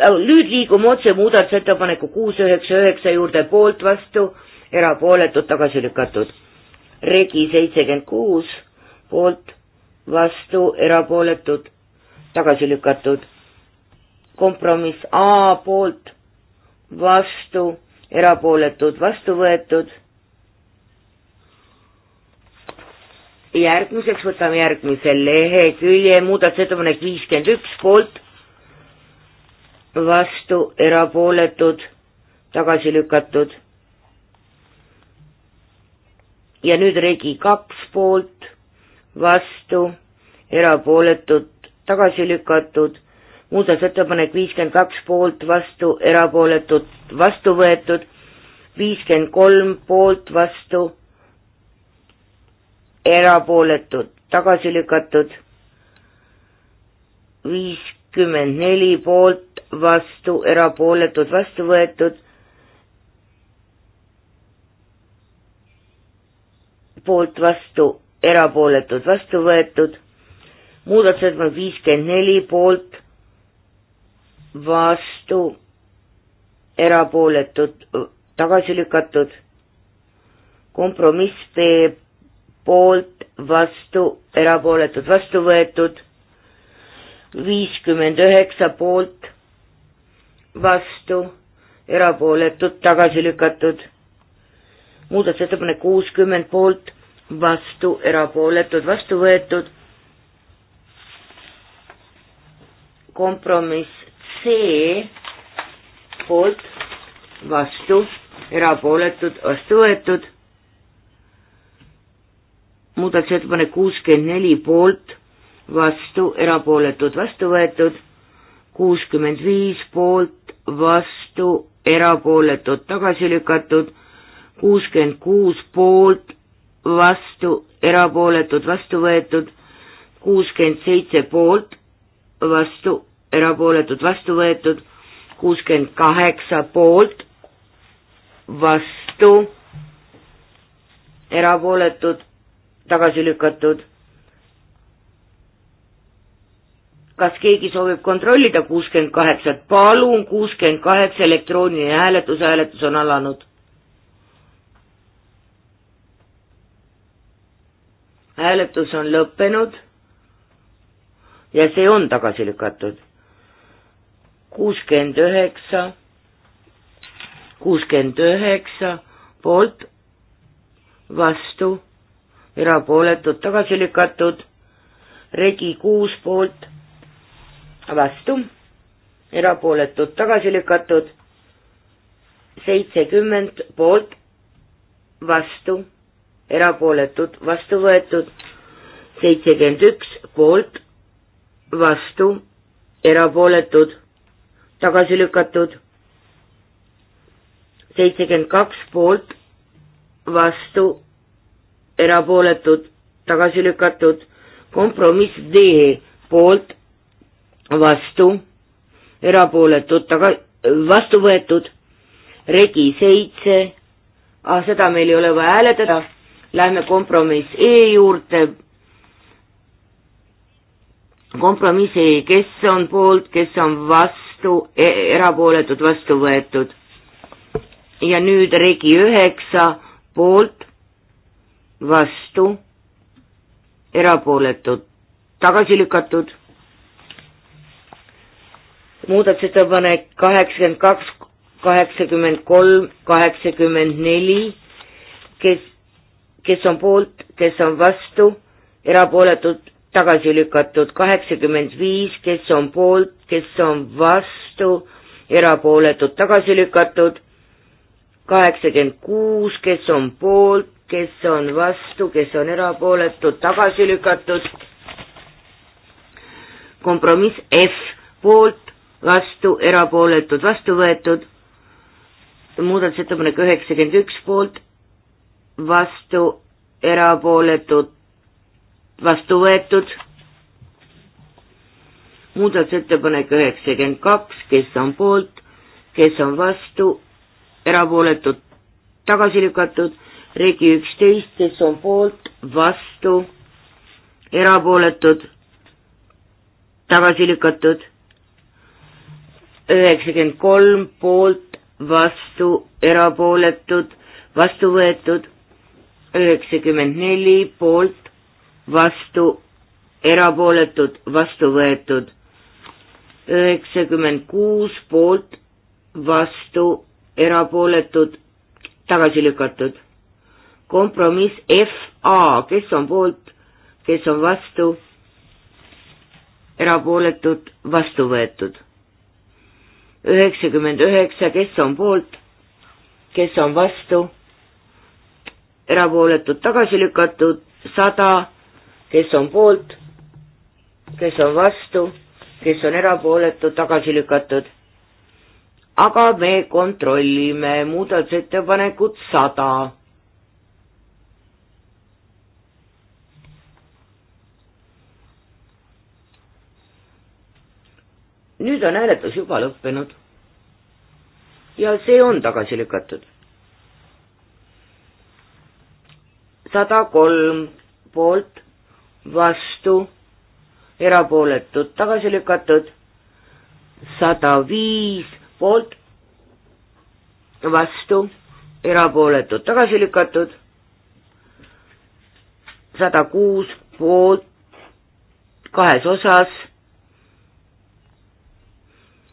Äh, nüüd liigume otse muudatusettepaneku kuus üheksa üheksa juurde poolt vastu, erapooletud tagasi lükatud. regi seitsekümmend kuus poolt vastu, erapooletud tagasi lükatud. kompromiss A poolt vastu, erapooletud vastu võetud. järgmiseks võtame järgmise lehekülje muudatusettepanek viiskümmend üks poolt vastu, erapooletud, tagasi lükatud. ja nüüd regi kaks poolt, vastu, erapooletud, tagasi lükatud, muudatusettepanek viiskümmend kaks poolt, vastu, erapooletud, vastu võetud, viiskümmend kolm poolt, vastu, erapooletud, tagasi lükatud, viiskümmend neli poolt, vastu, erapooletud, vastu võetud. poolt vastu, erapooletud, vastu võetud. muudatusettepanek viiskümmend neli poolt, vastu, erapooletud, tagasi lükatud. kompromiss B poolt, vastu, erapooletud, vastu võetud. viiskümmend üheksa poolt vastu, erapooletud, tagasi lükatud. muudatusettepanek kuuskümmend poolt, vastu, erapooletud, vastu võetud. kompromiss C poolt, vastu, erapooletud, vastu võetud. muudatusettepanek kuuskümmend neli poolt, vastu, erapooletud, vastu võetud kuuskümmend viis poolt, vastu, erapooletud tagasi lükatud, kuuskümmend kuus poolt, vastu, erapooletud vastu võetud, kuuskümmend seitse poolt, vastu, erapooletud vastu võetud, kuuskümmend kaheksa poolt, vastu, erapooletud tagasi lükatud, kas keegi soovib kontrollida kuuskümmend kaheksat, palun, kuuskümmend kaheksa elektrooniline hääletus, hääletus on alanud. hääletus on lõppenud ja see on tagasi lükatud. kuuskümmend üheksa, kuuskümmend üheksa poolt, vastu, erapooletud, tagasi lükatud, regi kuus poolt vastu, erapooletud tagasi lükatud, seitsekümmend poolt, vastu, erapooletud vastu võetud, seitsekümmend üks poolt, vastu, erapooletud tagasi lükatud, seitsekümmend kaks poolt, vastu, erapooletud tagasi lükatud, kompromiss D poolt, vastu, erapooletud taga, vastu võetud, regi seitse, ah seda meil ei ole vaja hääletada, lähme kompromiss E juurde, kompromiss E, kes on poolt, kes on vastu e, erapooletud, vastu võetud. ja nüüd regi üheksa, poolt, vastu, erapooletud, tagasi lükatud muudatusettepanek kaheksakümmend kaks, kaheksakümmend kolm, kaheksakümmend neli, kes, kes on poolt, kes on vastu, erapooletud, tagasi lükatud, kaheksakümmend viis, kes on poolt, kes on vastu, erapooletud, tagasi lükatud, kaheksakümmend kuus, kes on poolt, kes on vastu, kes on erapooletud, tagasi lükatud, kompromiss F poolt, vastu, erapooletud, vastu võetud, muudatusettepanek üheksakümmend üks poolt, vastu, erapooletud, vastu võetud, muudatusettepanek üheksakümmend kaks, kes on poolt, kes on vastu, erapooletud, tagasi lükatud, regi üksteist, kes on poolt, vastu, erapooletud, tagasi lükatud, üheksakümmend kolm poolt, vastu, erapooletud, vastu võetud, üheksakümmend neli poolt, vastu, erapooletud, vastu võetud, üheksakümmend kuus poolt, vastu, erapooletud, tagasi lükatud. kompromiss FA, kes on poolt, kes on vastu, erapooletud, vastu võetud üheksakümmend üheksa, kes on poolt, kes on vastu, erapooletud tagasi lükatud, sada, kes on poolt, kes on vastu, kes on erapooletud tagasi lükatud. aga me kontrollime muudatusettepanekut sada nüüd on hääletus juba lõppenud ja see on tagasi lükatud. sada kolm poolt, vastu, erapooletud, tagasi lükatud, sada viis poolt, vastu, erapooletud, tagasi lükatud, sada kuus poolt, kahes osas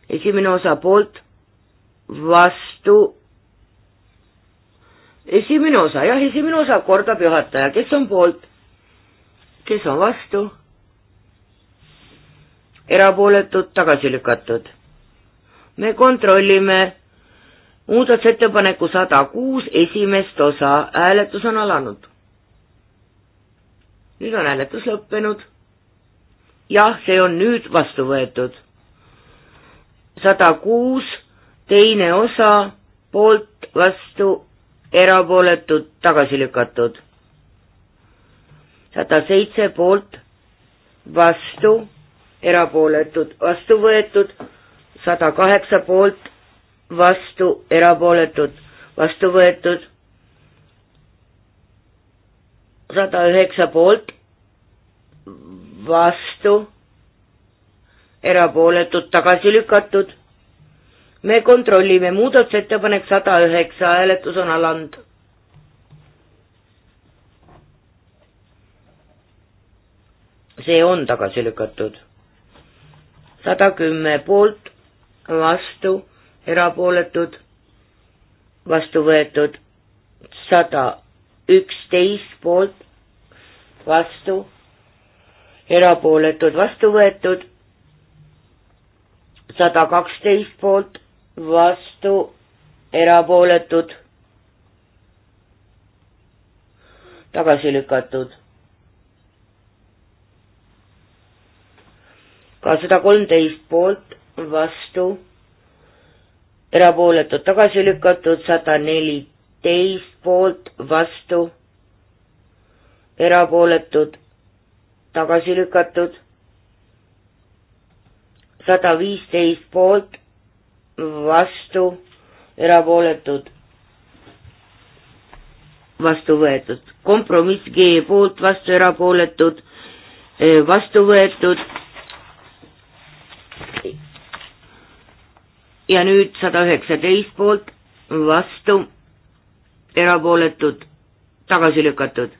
esimene osa poolt, vastu, esimene osa, jah, esimene osa kordab juhataja, kes on poolt, kes on vastu, erapooletud, tagasi lükatud. me kontrollime muudatusettepaneku sada kuus esimest osa, hääletus on alanud. nüüd on hääletus lõppenud. jah, see on nüüd vastu võetud sada kuus, teine osa, poolt, vastu, erapooletud, tagasi lükatud. sada seitse poolt, vastu, erapooletud, vastu võetud, sada kaheksa poolt, vastu, erapooletud, vastu võetud, sada üheksa poolt, vastu erapooletud tagasi lükatud. me kontrollime muudatusettepanek sada üheksa, hääletus on alanud. see on tagasi lükatud. sada kümme poolt, vastu, erapooletud, vastu võetud, sada üksteist poolt, vastu, erapooletud, vastu võetud sada kaksteist poolt, vastu, erapooletud, tagasi lükatud. ka sada kolmteist poolt, vastu, erapooletud, tagasi lükatud, sada neliteist poolt, vastu, erapooletud, tagasi lükatud sada viisteist poolt, vastu, erapooletud, vastu võetud. kompromiss G poolt, vastu, erapooletud, eh, vastu võetud. ja nüüd sada üheksateist poolt, vastu, erapooletud, tagasi lükatud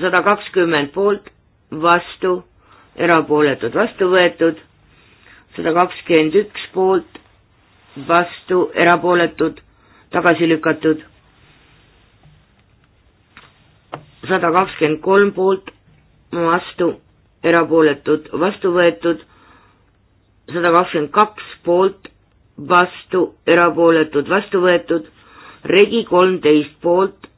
sada kakskümmend poolt, vastu, erapooletud, vastu võetud, sada kakskümmend üks poolt, vastu, erapooletud, tagasi lükatud, sada kakskümmend kolm poolt, vastu, erapooletud, vastu võetud, sada kakskümmend kaks poolt, vastu, erapooletud, vastu võetud, regi kolmteist poolt,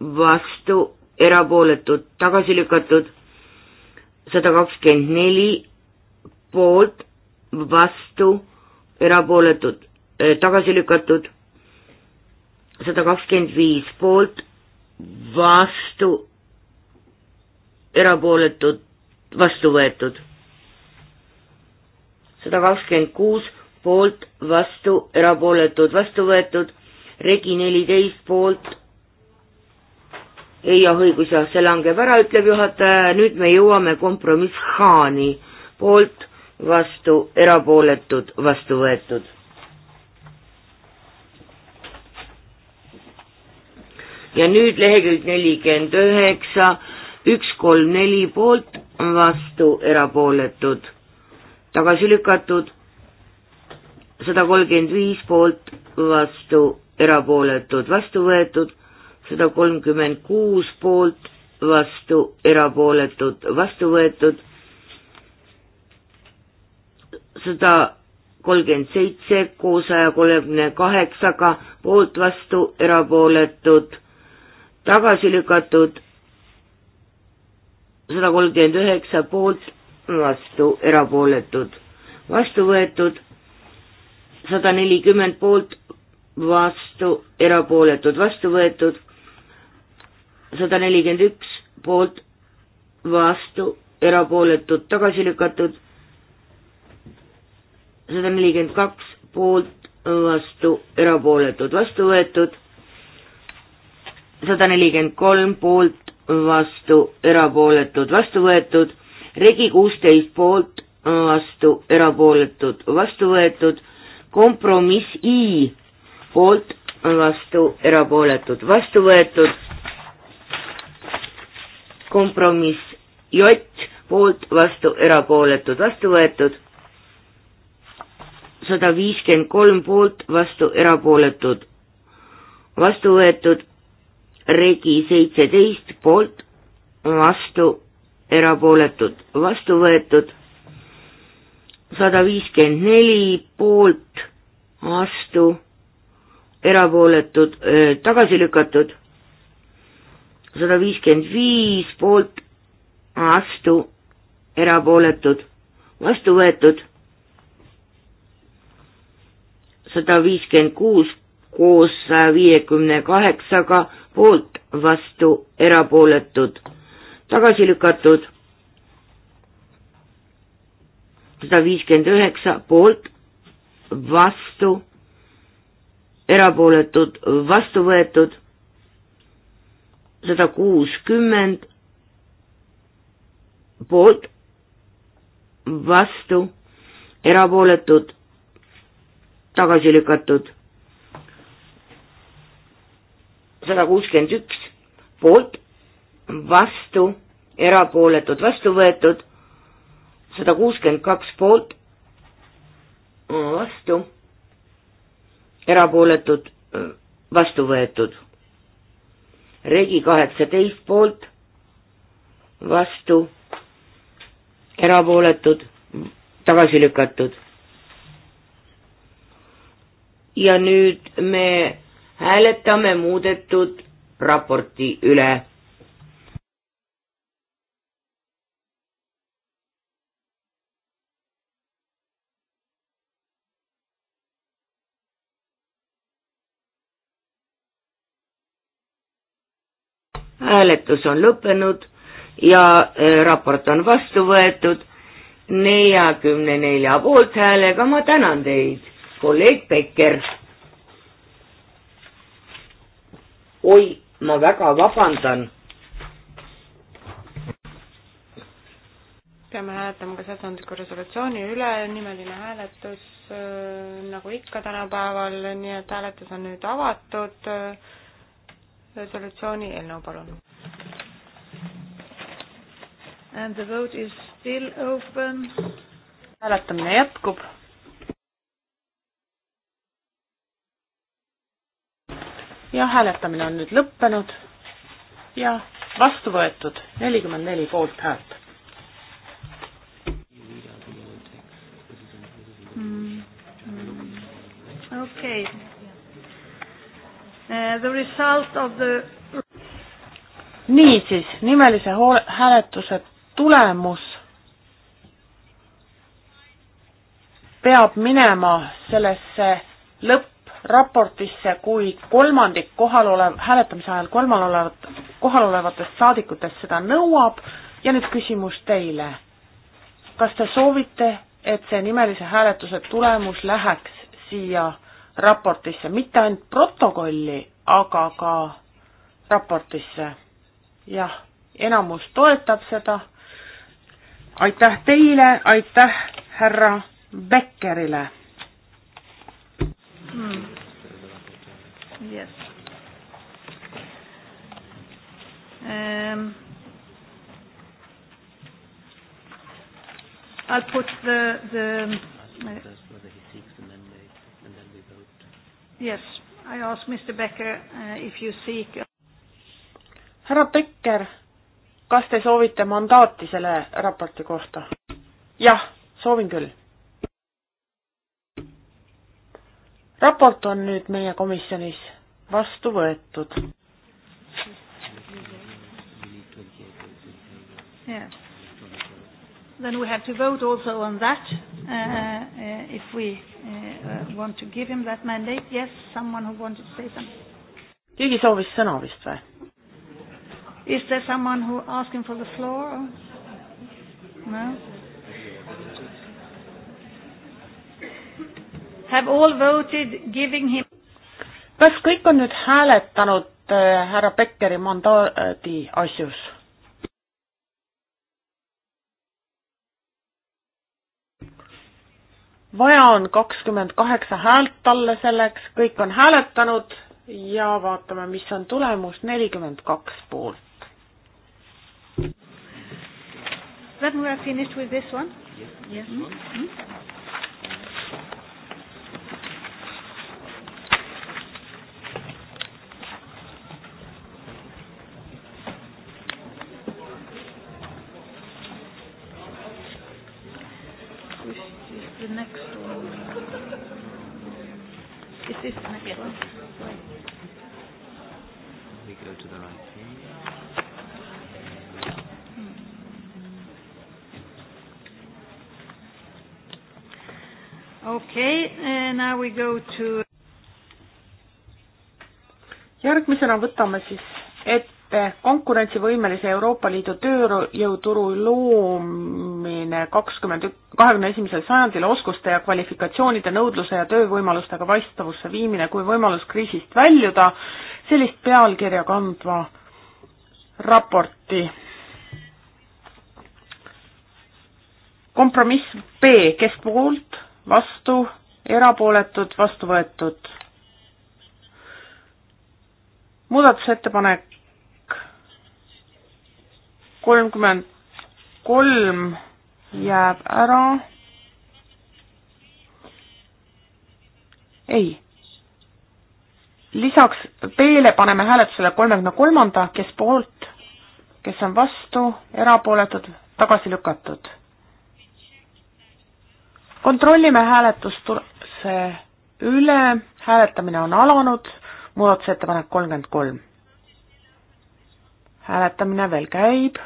vastu, erapooletud, tagasi lükatud, sada kakskümmend neli poolt, vastu, erapooletud, eh, tagasi lükatud, sada kakskümmend viis poolt, vastu, erapooletud, vastu võetud. sada kakskümmend kuus poolt, vastu, erapooletud, vastu võetud, regi neliteist poolt, jah, õigus, jah, see langeb ära, ütleb juhataja, nüüd me jõuame kompromiss Haani poolt vastu, erapooletud vastu võetud. ja nüüd lehekülg nelikümmend üheksa, üks, kolm, neli poolt, vastu, erapooletud, tagasi lükatud, sada kolmkümmend viis poolt, vastu, erapooletud, vastu võetud sada kolmkümmend kuus poolt, vastu erapooletud, vastu võetud sada kolmkümmend seitse koos saja kolmekümne kaheksaga, poolt vastu erapooletud, tagasi lükatud sada kolmkümmend üheksa poolt vastu erapooletud, vastu võetud sada nelikümmend poolt vastu erapooletud, vastu võetud sada nelikümmend üks poolt, vastu, erapooletud, tagasi lükatud, sada nelikümmend kaks poolt, vastu, erapooletud, vastu võetud, sada nelikümmend kolm poolt, vastu, erapooletud, vastu võetud, regi kuusteist poolt, vastu, erapooletud, vastu võetud, kompromiss I poolt, vastu, erapooletud, vastu võetud, kompromiss J poolt vastu erapooletud, vastu võetud. sada viiskümmend kolm poolt vastu erapooletud, vastu võetud. regi seitseteist poolt vastu erapooletud, vastu võetud. sada viiskümmend neli poolt vastu erapooletud, tagasi lükatud sada viiskümmend viis poolt, vastu, erapooletud, vastu võetud. sada viiskümmend kuus koos saja viiekümne kaheksaga poolt, vastu, erapooletud, tagasi lükatud. sada viiskümmend üheksa poolt, vastu, erapooletud, vastu võetud sada kuuskümmend poolt, vastu, erapooletud, tagasi lükatud. sada kuuskümmend üks poolt, vastu, erapooletud, vastu võetud, sada kuuskümmend kaks poolt, vastu, erapooletud, vastu võetud regi kaheksateist poolt, vastu, erapooletud, tagasi lükatud. ja nüüd me hääletame muudetud raporti üle hääletus on lõppenud ja äh, raport on vastu võetud neljakümne nelja poolthäälega, ma tänan teid, kolleeg Pekker. oi, ma väga vabandan. peame hääletama ka seadusandliku resolutsiooni üle, nimeline hääletus äh, nagu ikka tänapäeval, nii et hääletus on nüüd avatud äh, resolutsiooni eelnõu, palun. And the vote is still open. hääletamine jätkub. ja hääletamine on nüüd lõppenud ja vastu võetud nelikümmend neli poolthäält mm.. okei mm. okay Uh, the result of the niisiis, nimelise hääletuse tulemus peab minema sellesse lõppraportisse, kui kolmandik kohalolev, hääletamise ajal kolmalolevat, kohalolevatest saadikutest seda nõuab ja nüüd küsimus teile. kas te soovite, et see nimelise hääletuse tulemus läheks siia raportisse, mitte ainult protokolli, aga ka raportisse. jah, enamus toetab seda. aitäh teile, aitäh härra Beckerile hmm.. Yes. Um, I'll put the, the uh, Yes, I ask Mr Becker uh, if you seek härra Becker, kas te soovite mandaati selle raporti kohta? jah, soovin küll. raport on nüüd meie komisjonis vastu võetud. Yeah. Then we have to vote also on that uh, uh, if we uh, uh, want to give him that mandate. Yes, someone who wanted to say something. keegi soovis sõna vist või? Is there someone who asking for the floor? No? Have all voted giving him kas kõik on nüüd hääletanud äh, härra Beckeri mandaadi asjus? vaja on kakskümmend kaheksa häält talle selleks, kõik on hääletanud ja vaatame, mis on tulemus, nelikümmend kaks poolt. Then we are finished with this one? Yes. yes. Mm -hmm. now we go to järgmisena võtame siis ette konkurentsivõimelise Euroopa Liidu tööjõuturu loomine kakskümmend ük-, kahekümne esimesel sajandil oskuste ja kvalifikatsioonide nõudluse ja töövõimalustega vastavusse viimine kui võimalus kriisist väljuda, sellist pealkirja kandva raporti. kompromiss B, kes poolt, vastu erapooletud, vastu võetud. muudatusettepanek kolmkümmend kolm jääb ära. ei. lisaks B-le paneme hääletusele kolmekümne kolmanda, kes poolt, kes on vastu, erapooletud, tagasi lükatud kontrollime hääletustu-, hääletuse üle, hääletamine on alanud, muudatusettepanek kolmkümmend kolm. hääletamine veel käib.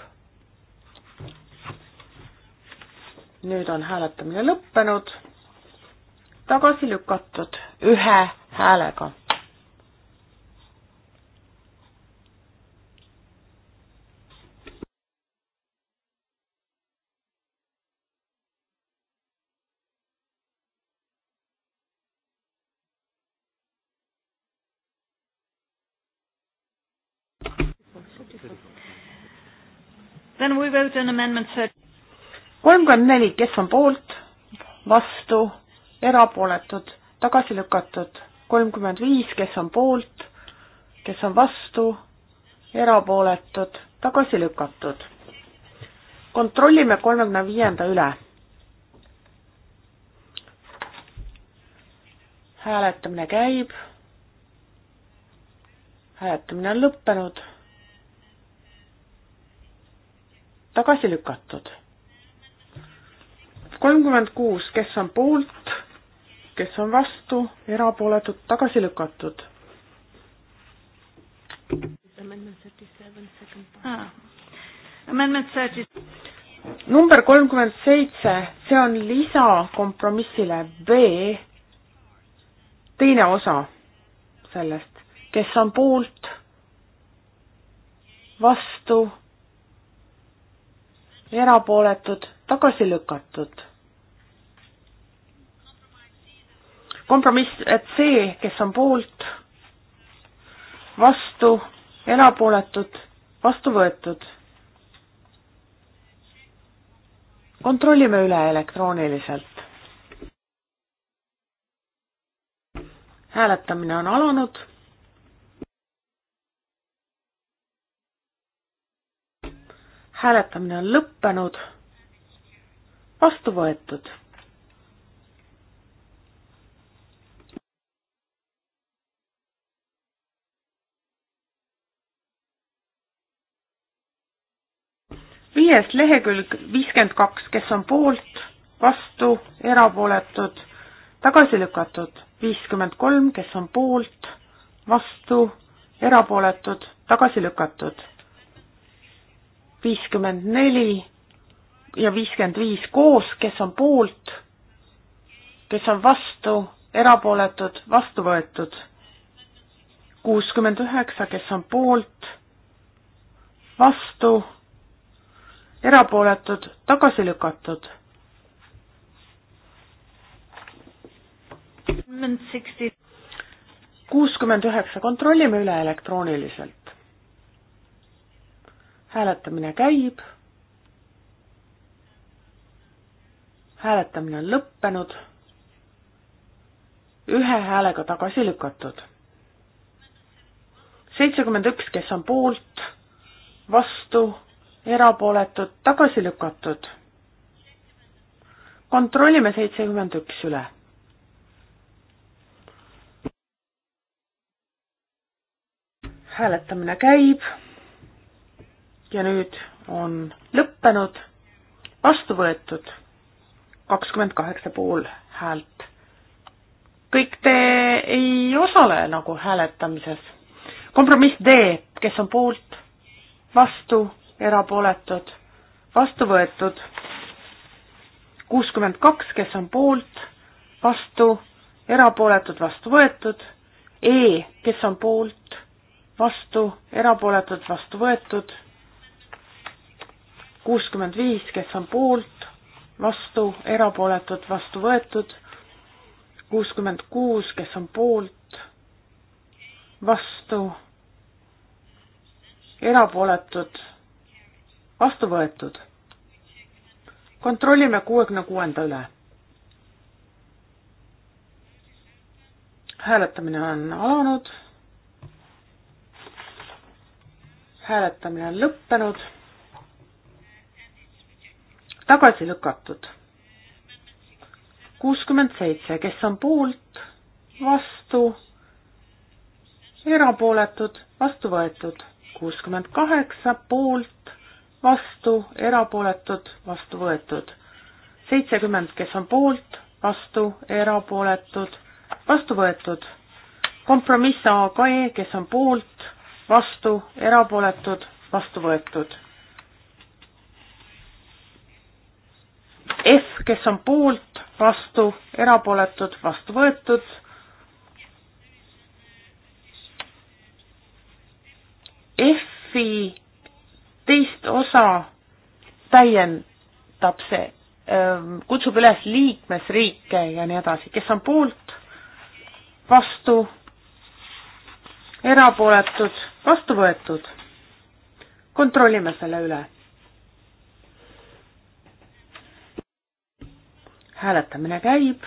nüüd on hääletamine lõppenud, tagasi lükatud ühe häälega kolmkümmend neli, kes on poolt, vastu, erapooletud, tagasi lükatud. kolmkümmend viis, kes on poolt, kes on vastu, erapooletud, tagasi lükatud. kontrollime kolmekümne viienda üle. hääletamine käib. hääletamine on lõppenud tagasi lükatud. kolmkümmend kuus, kes on poolt, kes on vastu, erapooletud, tagasi lükatud. Ah. number kolmkümmend seitse, see on lisa kompromissile B, teine osa sellest, kes on poolt, vastu erapooletud, tagasi lükatud. kompromiss, et see, kes on poolt, vastu, erapooletud, vastu võetud. kontrollime üle elektrooniliselt. hääletamine on alanud hääletamine on lõppenud, vastu võetud. viies lehekülg viiskümmend kaks, kes on poolt, vastu, erapooletud, tagasi lükatud, viiskümmend kolm, kes on poolt, vastu, erapooletud, tagasi lükatud viiskümmend neli ja viiskümmend viis koos, kes on poolt, kes on vastu, erapooletud, vastu võetud. kuuskümmend üheksa, kes on poolt, vastu, erapooletud, tagasi lükatud. kuuskümmend üheksa, kontrollime üle elektrooniliselt hääletamine käib. hääletamine on lõppenud. ühe häälega tagasi lükatud. seitsekümmend üks, kes on poolt, vastu, erapooletud, tagasi lükatud. kontrollime seitsekümmend üks üle hääletamine käib ja nüüd on lõppenud, vastu võetud kakskümmend kaheksa pool häält. kõik te ei osale nagu hääletamises. kompromiss D, kes on poolt, vastu, erapooletud, vastu võetud. kuuskümmend kaks, kes on poolt, vastu, erapooletud, vastu võetud. E, kes on poolt, vastu, erapooletud, vastu võetud kuuskümmend viis, kes on poolt, vastu, erapooletud, vastu võetud, kuuskümmend kuus, kes on poolt, vastu, erapooletud, vastu võetud. kontrollime kuuekümne kuuenda üle. hääletamine on alanud hääletamine on lõppenud tagasi lükatud. kuuskümmend seitse, kes on poolt, vastu, erapooletud, vastu võetud. kuuskümmend kaheksa, poolt, vastu, erapooletud, vastu võetud. seitsekümmend, kes on poolt, vastu, erapooletud, vastu võetud. kompromiss AKE, kes on poolt, vastu, erapooletud, vastu võetud kes on poolt, vastu, erapooletud, vastu võetud. F-i teist osa täiendab see, ähm, kutsub üles liikmesriike ja nii edasi, kes on poolt, vastu, erapooletud, vastu võetud. kontrollime selle üle hääletamine käib.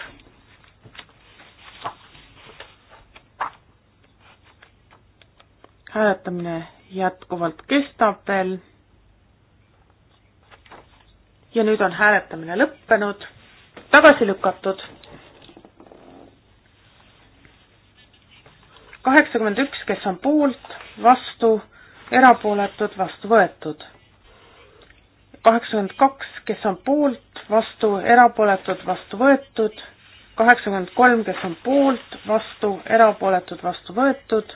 hääletamine jätkuvalt kestab veel. ja nüüd on hääletamine lõppenud, tagasi lükatud. kaheksakümmend üks, kes on poolt, vastu, erapooletud, vastu võetud. kaheksakümmend kaks, kes on poolt, vastu, erapooletud, vastu võetud, kaheksakümmend kolm, kes on poolt, vastu, erapooletud, vastu võetud,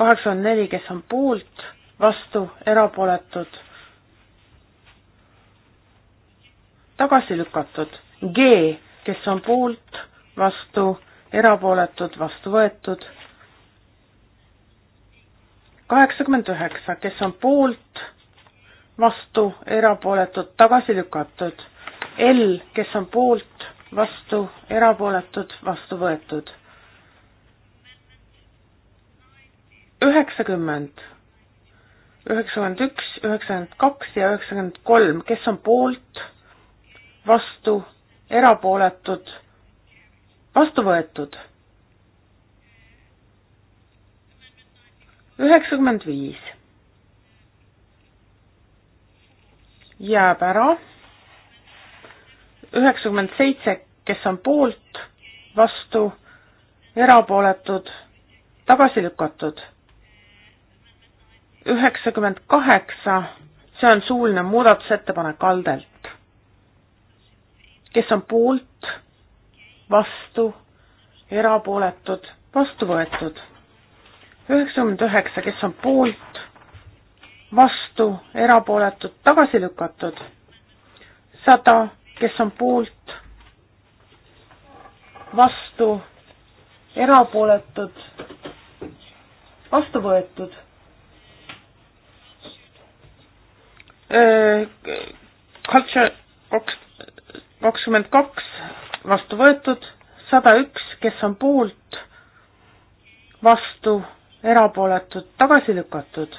kaheksakümmend neli, kes on poolt, vastu, erapooletud, tagasi lükatud. G, kes on poolt, vastu, erapooletud, vastu võetud, kaheksakümmend üheksa, kes on poolt, vastu, erapooletud, tagasi lükatud L, kes on poolt, vastu, erapooletud, vastu võetud. üheksakümmend, üheksakümmend üks, üheksakümmend kaks ja üheksakümmend kolm, kes on poolt, vastu, erapooletud, vastu võetud. üheksakümmend viis jääb ära üheksakümmend seitse, kes on poolt, vastu, erapooletud, tagasi lükatud. üheksakümmend kaheksa, see on suuline muudatusettepanek Aldelt. kes on poolt, vastu, erapooletud, vastu võetud. üheksakümmend üheksa, kes on poolt, vastu, erapooletud, tagasi lükatud. sada kes on poolt, vastu, erapooletud, vastu võetud. Culture kakskümmend kaks vastu võetud, sada üks, kes on poolt, vastu, erapooletud, tagasi lükatud.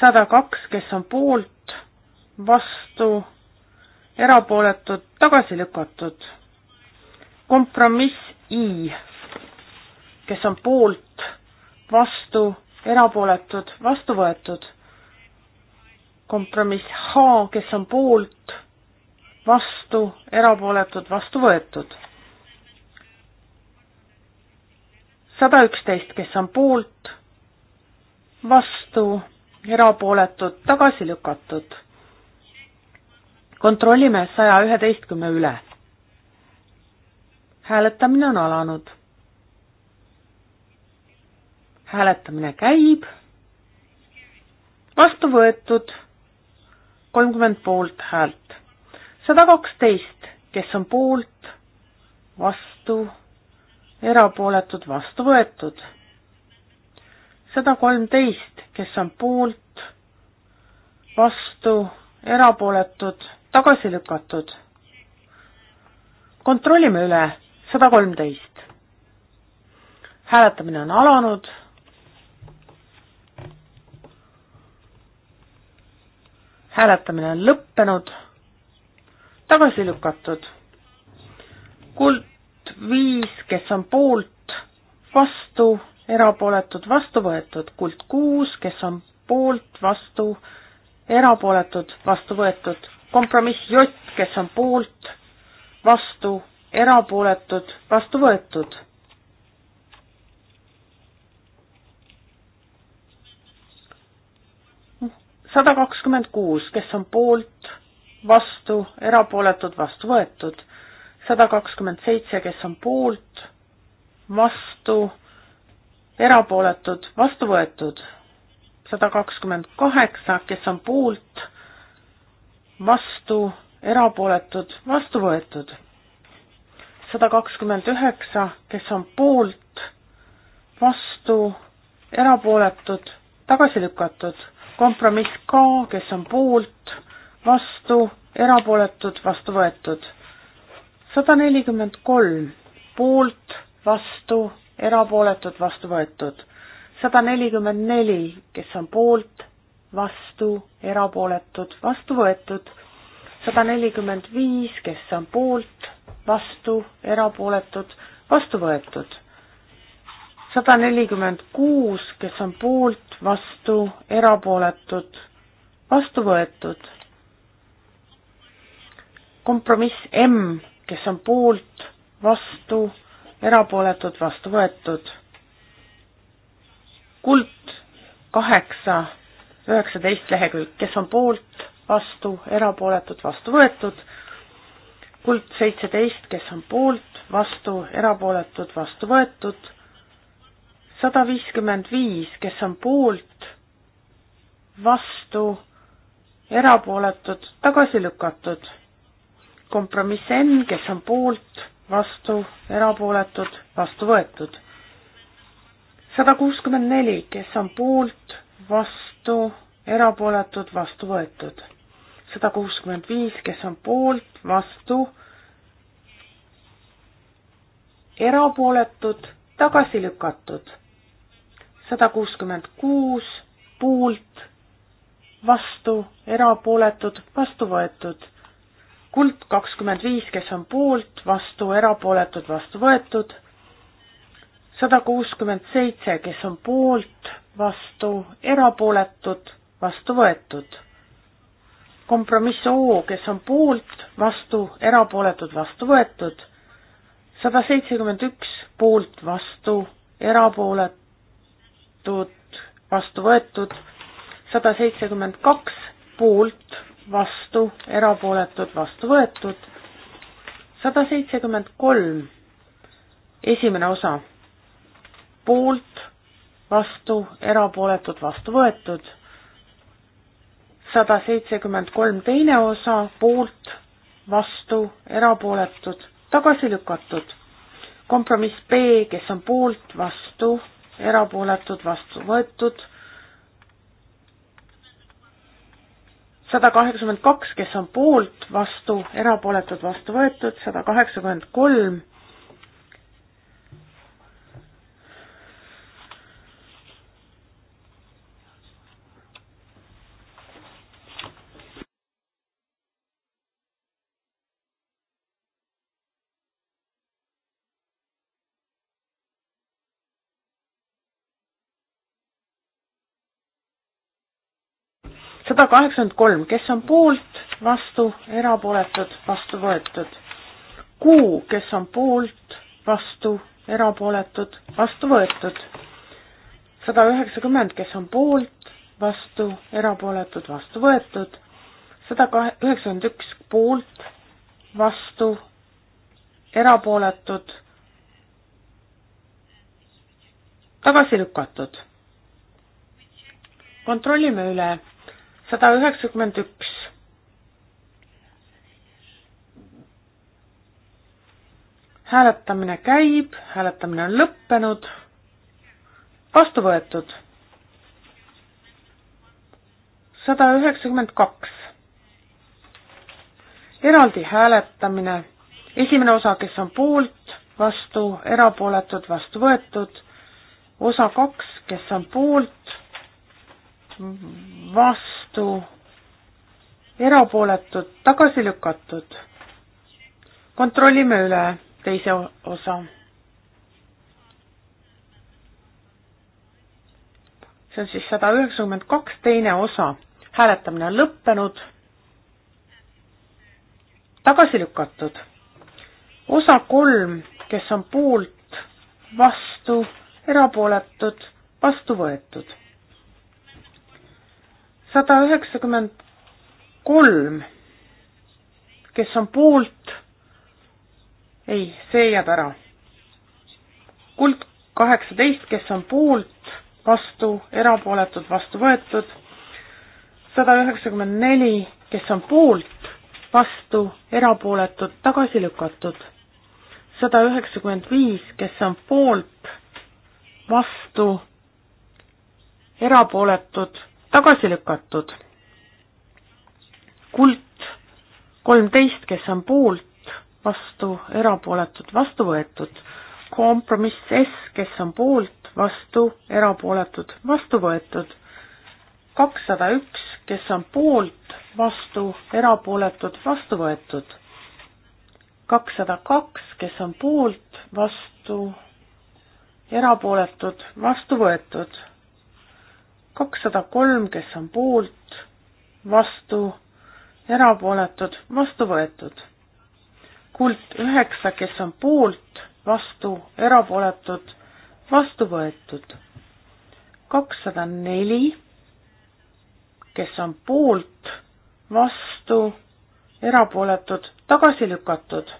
sada kaks, kes on poolt, vastu erapooletud, tagasi lükatud. kompromiss I, kes on poolt, vastu, erapooletud, vastu võetud. kompromiss H, kes on poolt, vastu, erapooletud, vastu võetud. sada üksteist, kes on poolt, vastu, erapooletud, tagasi lükatud kontrollime saja üheteistkümne üle. hääletamine on alanud. hääletamine käib. vastu võetud kolmkümmend poolthäält, sada kaksteist, kes on poolt, vastu, erapooletud, vastu võetud. sada kolmteist, kes on poolt, vastu, erapooletud tagasi lükatud. kontrollime üle, sada kolmteist. hääletamine on alanud. hääletamine on lõppenud, tagasi lükatud. kuld viis, kes on poolt, vastu, erapooletud, vastu võetud, kuld kuus, kes on poolt, vastu, erapooletud, vastu võetud kompromiss J, kes on poolt, vastu, erapooletud, vastu võetud. sada kakskümmend kuus, kes on poolt, vastu, erapooletud, vastu võetud. sada kakskümmend seitse, kes on poolt, vastu, erapooletud, vastu võetud. sada kakskümmend kaheksa, kes on poolt vastu, erapooletud, vastu võetud. sada kakskümmend üheksa, kes on poolt, vastu, erapooletud, tagasi lükatud. kompromiss K, kes on poolt, vastu, erapooletud, vastu võetud. sada nelikümmend kolm, poolt, vastu, erapooletud, vastu võetud. sada nelikümmend neli, kes on poolt, vastu, erapooletud, vastu võetud. sada nelikümmend viis, kes on poolt, vastu, erapooletud, vastu võetud. sada nelikümmend kuus, kes on poolt, vastu, erapooletud, vastu võetud. kompromiss M, kes on poolt, vastu, erapooletud, vastu võetud. kuld kaheksa üheksateist lehekülg, kes on poolt, vastu, erapooletud, vastu võetud, kuld seitseteist, kes on poolt, vastu, erapooletud, vastu võetud, sada viiskümmend viis, kes on poolt, vastu, erapooletud, tagasi lükatud. kompromiss N, kes on poolt, vastu, erapooletud, vastu võetud. sada kuuskümmend neli, kes on poolt, vastu, vastu, erapooletud, vastu võetud. sada kuuskümmend viis, kes on poolt, vastu, erapooletud, tagasi lükatud. sada kuuskümmend kuus, poolt, vastu, erapooletud, vastu võetud. kuld kakskümmend viis, kes on poolt, vastu, erapooletud, vastu võetud sada kuuskümmend seitse, kes on poolt, vastu, erapooletud, vastu võetud. kompromiss O, kes on poolt, vastu, erapooletud, vastu võetud. sada seitsekümmend üks, poolt, vastu, erapooletud, vastu võetud. sada seitsekümmend kaks, poolt, vastu, erapooletud, vastu võetud. sada seitsekümmend kolm, esimene osa poolt, vastu, erapooletud, vastu võetud. sada seitsekümmend kolm teine osa, poolt, vastu, erapooletud, tagasi lükatud. kompromiss B, kes on poolt, vastu, erapooletud, vastu võetud. sada kaheksakümmend kaks, kes on poolt, vastu, erapooletud, vastu võetud, sada kaheksakümmend kolm sada kaheksakümmend kolm, kes on poolt, vastu, erapooletud, vastu võetud. Q, kes on poolt, vastu, erapooletud, vastu võetud. sada üheksakümmend, kes on poolt, vastu, erapooletud, vastu võetud. sada kahe, üheksakümmend üks poolt, vastu, erapooletud, tagasi lükatud. kontrollime üle sada üheksakümmend üks. hääletamine käib, hääletamine on lõppenud, vastu võetud. sada üheksakümmend kaks. eraldi hääletamine, esimene osa, kes on poolt, vastu, erapooletud, vastu võetud, osa kaks, kes on poolt vastu, erapooletud, tagasi lükatud. kontrollime üle teise osa. see on siis sada üheksakümmend kaks, teine osa. hääletamine on lõppenud. tagasi lükatud. osa kolm, kes on poolt, vastu, erapooletud, vastu võetud sada üheksakümmend kolm, kes on poolt, ei, see jääb ära. kuld kaheksateist, kes on poolt, vastu, erapooletud, vastu võetud, sada üheksakümmend neli, kes on poolt, vastu, erapooletud, tagasi lükatud, sada üheksakümmend viis, kes on poolt, vastu, erapooletud tagasi lükatud. kuld kolmteist, kes on poolt, vastu, erapooletud, vastu võetud. kompromiss S, kes on poolt, vastu, erapooletud, vastu võetud. kakssada üks, kes on poolt, vastu, erapooletud, vastu võetud. kakssada kaks, kes on poolt, vastu, erapooletud, vastu võetud kakssada kolm, kes on poolt, vastu, erapooletud, vastu võetud. kuld üheksa, kes on poolt, vastu, erapooletud, vastu võetud. kakssada neli, kes on poolt, vastu, erapooletud, tagasi lükatud.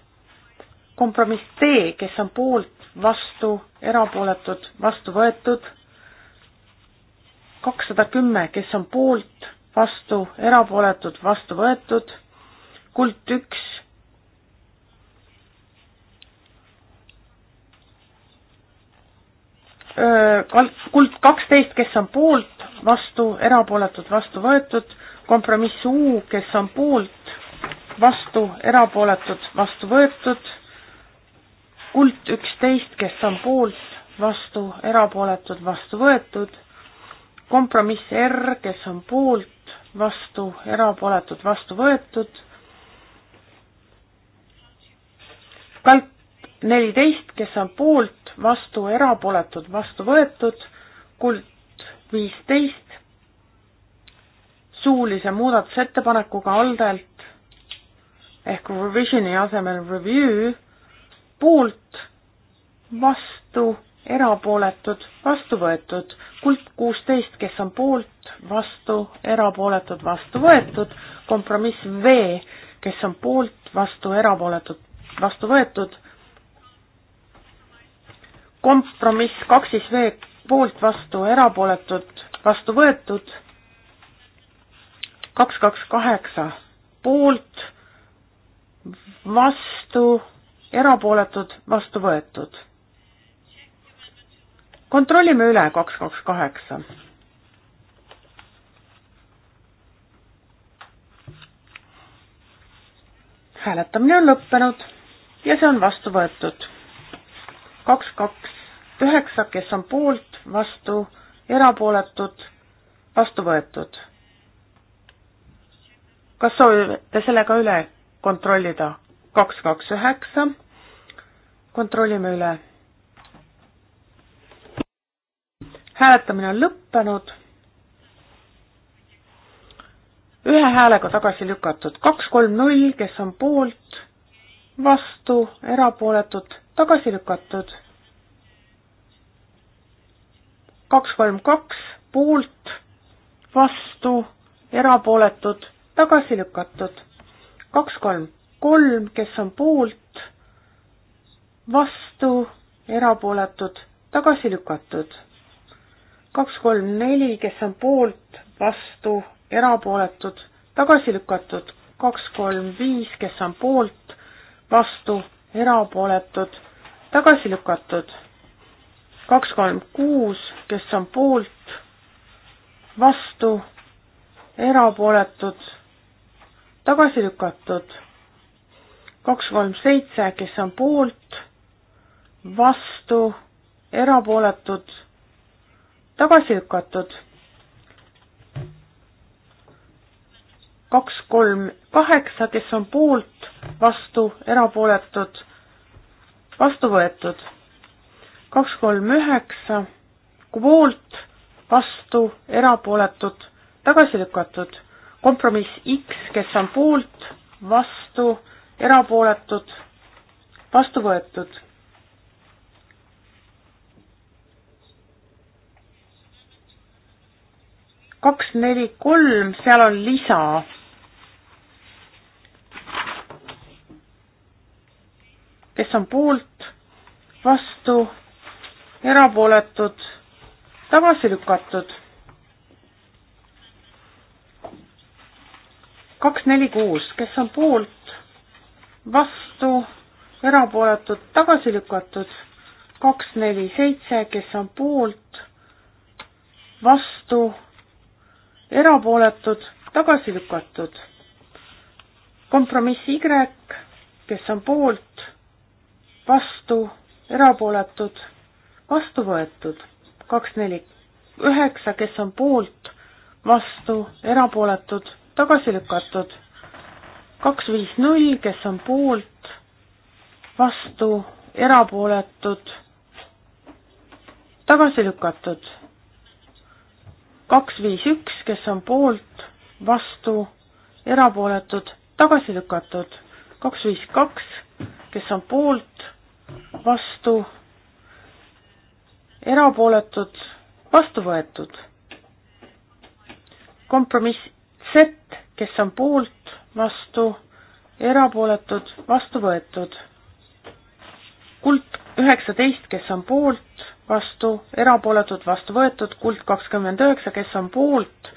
kompromiss D, kes on poolt, vastu, erapooletud, vastu võetud kakssada kümme, kes on poolt, vastu, erapooletud, vastu võetud, kuld üks, kuld kaksteist, kes on poolt, vastu, erapooletud, vastu võetud, kompromiss U, kes on poolt, vastu, erapooletud, vastu võetud, kuld üksteist, kes on poolt, vastu, erapooletud, vastu võetud kompromiss R, kes on poolt, vastu, erapooletud, vastu võetud. kalk neliteist, kes on poolt, vastu, erapooletud, vastu võetud. kuld viisteist, suulise muudatusettepanekuga aldelt ehk revisioni asemel review, poolt, vastu erapooletud, vastu võetud. kuld kuusteist, kes on poolt, vastu, erapooletud, vastu võetud. kompromiss V, kes on poolt, vastu, erapooletud, vastu võetud. kompromiss kaks siis V, poolt, vastu, erapooletud, vastu võetud. kaks, kaks, kaheksa, poolt, vastu, erapooletud, vastu võetud kontrollime üle kaks, kaks, kaheksa. hääletamine on lõppenud ja see on vastu võetud. kaks, kaks, üheksa, kes on poolt, vastu, erapooletud, vastu võetud. kas soovite selle ka üle kontrollida? kaks, kaks, üheksa. kontrollime üle hääletamine on lõppenud. ühe häälega tagasi lükatud kaks, kolm, null, kes on poolt, vastu, erapooletud, tagasi lükatud. kaks, kolm, kaks, poolt, vastu, erapooletud, tagasi lükatud. kaks, kolm, kolm, kes on poolt, vastu, erapooletud, tagasi lükatud kaks, kolm, neli, kes on poolt, vastu, erapooletud, tagasi lükatud, kaks, kolm, viis, kes on poolt, vastu, erapooletud, tagasi lükatud, kaks, kolm, kuus, kes on poolt, vastu, erapooletud, tagasi lükatud, kaks, kolm, seitse, kes on poolt, vastu, erapooletud tagasi lükatud. kaks, kolm, kaheksa, kes on poolt, vastu, erapooletud, vastu võetud. kaks, kolm, üheksa, poolt, vastu, erapooletud, tagasi lükatud. kompromiss X, kes on poolt, vastu, erapooletud, vastu võetud. kaks, neli, kolm, seal on lisa. kes on poolt, vastu, erapooletud, tagasi lükatud. kaks, neli, kuus, kes on poolt, vastu, erapooletud, tagasi lükatud. kaks, neli, seitse, kes on poolt, vastu erapooletud, tagasi lükatud. kompromiss Y, kes on poolt, vastu, erapooletud, vastu võetud, kaks neli üheksa, kes on poolt, vastu, erapooletud, tagasi lükatud, kaks viis null, kes on poolt, vastu, erapooletud, tagasi lükatud kaks, viis, üks, kes on poolt, vastu, erapooletud, tagasi lükatud. kaks, viis, kaks, kes on poolt, vastu, erapooletud, vastu võetud. kompromiss Z, kes on poolt, vastu, erapooletud, vastu võetud. kuld üheksateist, kes on poolt, vastu, erapooletud, vastu võetud, kuld kakskümmend üheksa, kes on poolt,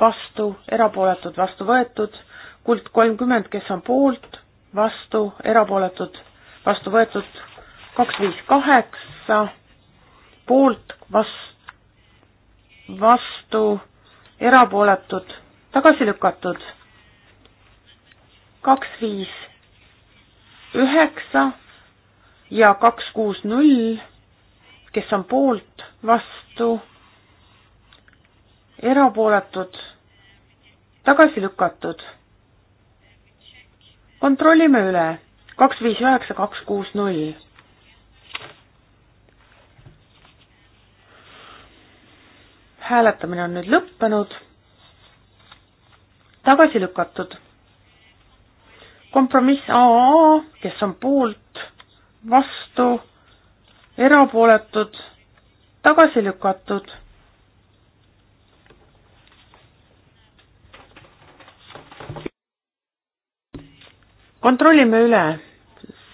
vastu, erapooletud, vastu võetud, kuld kolmkümmend, kes on poolt, vastu, erapooletud, vastu võetud, kaks viis kaheksa, poolt, vas-, vastu, erapooletud, tagasi lükatud, kaks viis üheksa ja kaks kuus null kes on poolt, vastu, erapooletud, tagasi lükatud. kontrollime üle, kaks, viis, üheksa, kaks, kuus, null. hääletamine on nüüd lõppenud, tagasi lükatud. kompromiss AA, kes on poolt, vastu erapooletud, tagasi lükatud. kontrollime üle,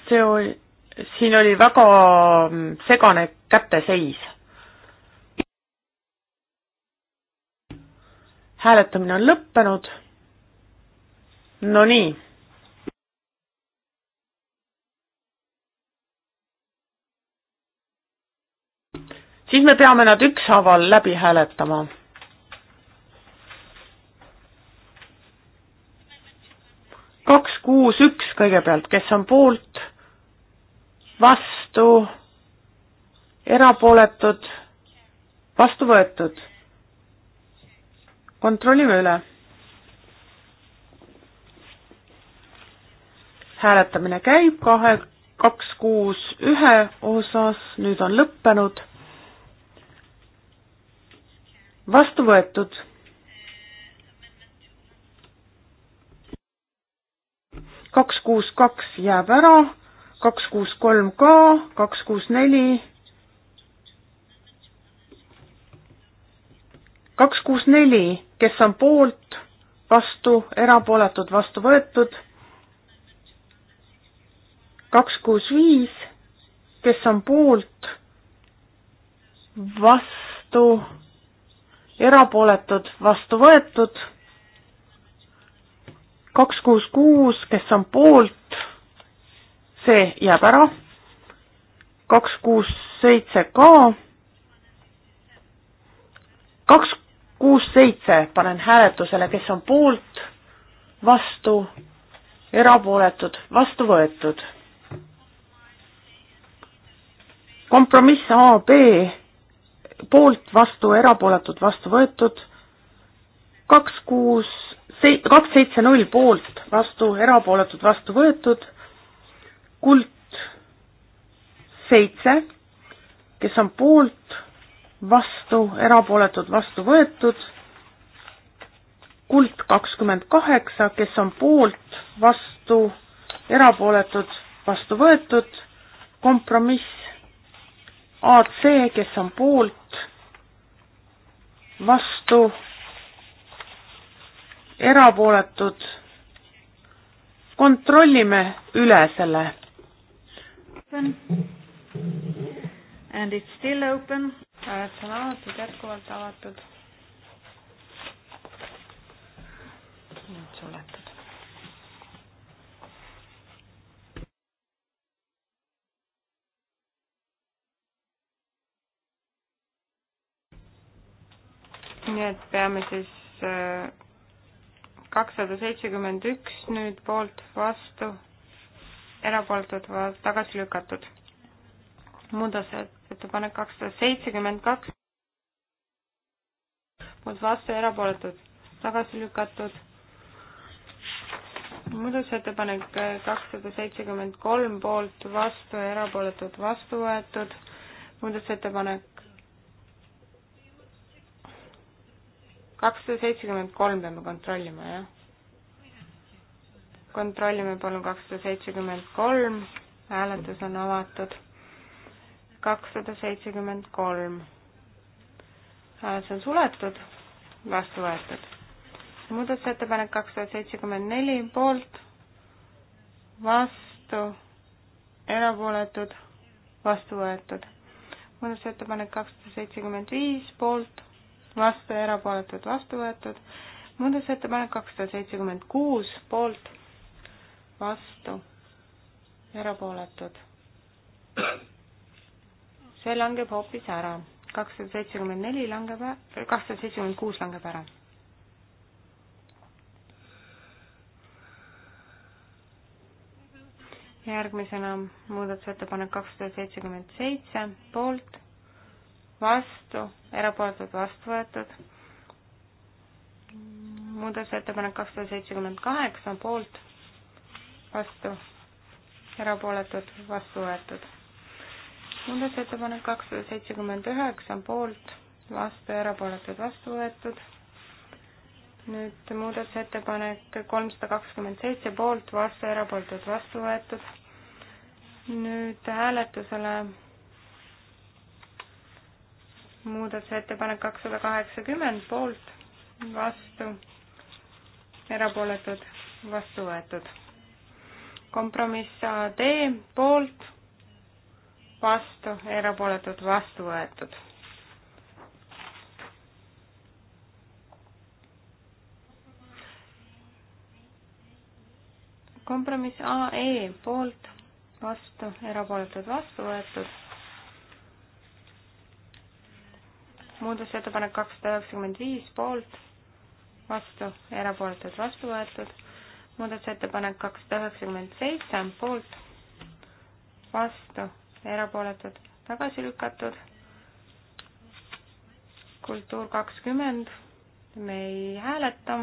see oli, siin oli väga segane käteseis. hääletamine on lõppenud. Nonii siis me peame nad ükshaaval läbi hääletama. kaks, kuus, üks kõigepealt, kes on poolt, vastu, erapooletud, vastu võetud. kontrollime üle. hääletamine käib kahe, kaks, kuus, ühe osas, nüüd on lõppenud vastu võetud. kaks, kuus, kaks jääb ära, kaks, kuus, kolm ka, kaks, kuus, neli. kaks, kuus, neli, kes on poolt, vastu, erapooletud, vastu võetud. kaks, kuus, viis, kes on poolt, vastu erapooletud, vastu võetud, kaks kuus kuus, kes on poolt, see jääb ära, kaks kuus seitse ka, kaks kuus seitse panen hääletusele, kes on poolt, vastu, erapooletud, vastu võetud. kompromiss A, B poolt, vastu, erapooletud, vastu võetud, kaks, kuus, sei-, kaks, seitse, null poolt, vastu, erapooletud, vastu võetud, kuld seitse, kes on poolt, vastu, erapooletud, vastu võetud, kuld kakskümmend kaheksa, kes on poolt, vastu, erapooletud, vastu võetud, kompromiss AC, kes on poolt, vastu, erapooletud. kontrollime üle selle. And it's still open. hääled on avatud, jätkuvalt avatud. nüüd suletud. nii et peame siis äh, kakssada seitsekümmend üks nüüd poolt vastu, erapooletud tagasi lükatud. muudatusettepanek kakssada seitsekümmend kaks, poolt vastu, erapooletud tagasi lükatud. muudatusettepanek äh, kakssada seitsekümmend kolm poolt vastu, erapooletud vastu võetud. muudatusettepanek kakssada seitsekümmend kolm peame kontrollima, jah? kontrollime palun kakssada seitsekümmend kolm, hääletus on avatud. kakssada seitsekümmend kolm. hääletus on suletud, vastu võetud. muudatusettepanek kakssada seitsekümmend neli poolt, vastu, erapooletud, vastu võetud. muudatusettepanek kakssada seitsekümmend viis poolt vastu ja erapooletud vastu võetud. muudatusettepanek kakssada seitsekümmend kuus poolt, vastu, erapooletud. see langeb hoopis ära, kakssada seitsekümmend neli langeb, kakssada seitsekümmend kuus langeb ära. järgmisena muudatusettepanek kakssada seitsekümmend seitse poolt vastu, erapooletud vastu võetud. muudatusettepanek kakssada seitsekümmend kaheksa poolt, vastu, erapooletud vastu võetud. muudatusettepanek kakssada seitsekümmend üheksa poolt, vastu, erapooletud vastu võetud nüüd muudatusettepanek kolmsada kakskümmend seitse poolt, vastu, erapooletud, vastu võetud. nüüd hääletusele muudatusettepanek kakssada kaheksakümmend poolt, vastu, erapooletud, vastu võetud. kompromiss AD poolt, vastu, erapooletud, vastu võetud. kompromiss AE poolt, vastu, erapooletud, vastu võetud muudatusettepanek kakssada üheksakümmend viis poolt, vastu, erapooletud, vastu võetud. muudatusettepanek kakssada üheksakümmend seitse poolt, vastu, erapooletud, tagasi lükatud. kultuur kakskümmend, me ei hääleta.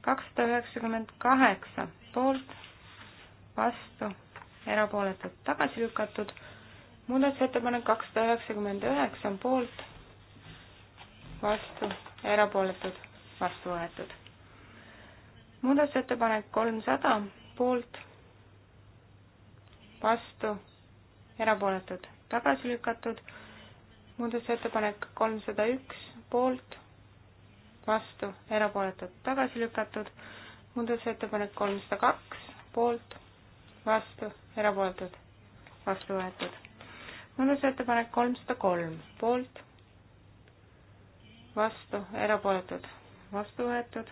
kakssada üheksakümmend kaheksa poolt, vastu, erapooletud, tagasi lükatud. muudatusettepanek kakssada üheksakümmend üheksa poolt vastu, erapooletud, vastu võetud. muudatusettepanek kolmsada, poolt, vastu, erapooletud, tagasi lükatud. muudatusettepanek kolmsada üks, poolt, vastu, erapooletud, tagasi lükatud. muudatusettepanek kolmsada kaks, poolt, vastu, erapooletud, vastu võetud. muudatusettepanek kolmsada kolm, poolt vastu, erapooletud, vastu võetud.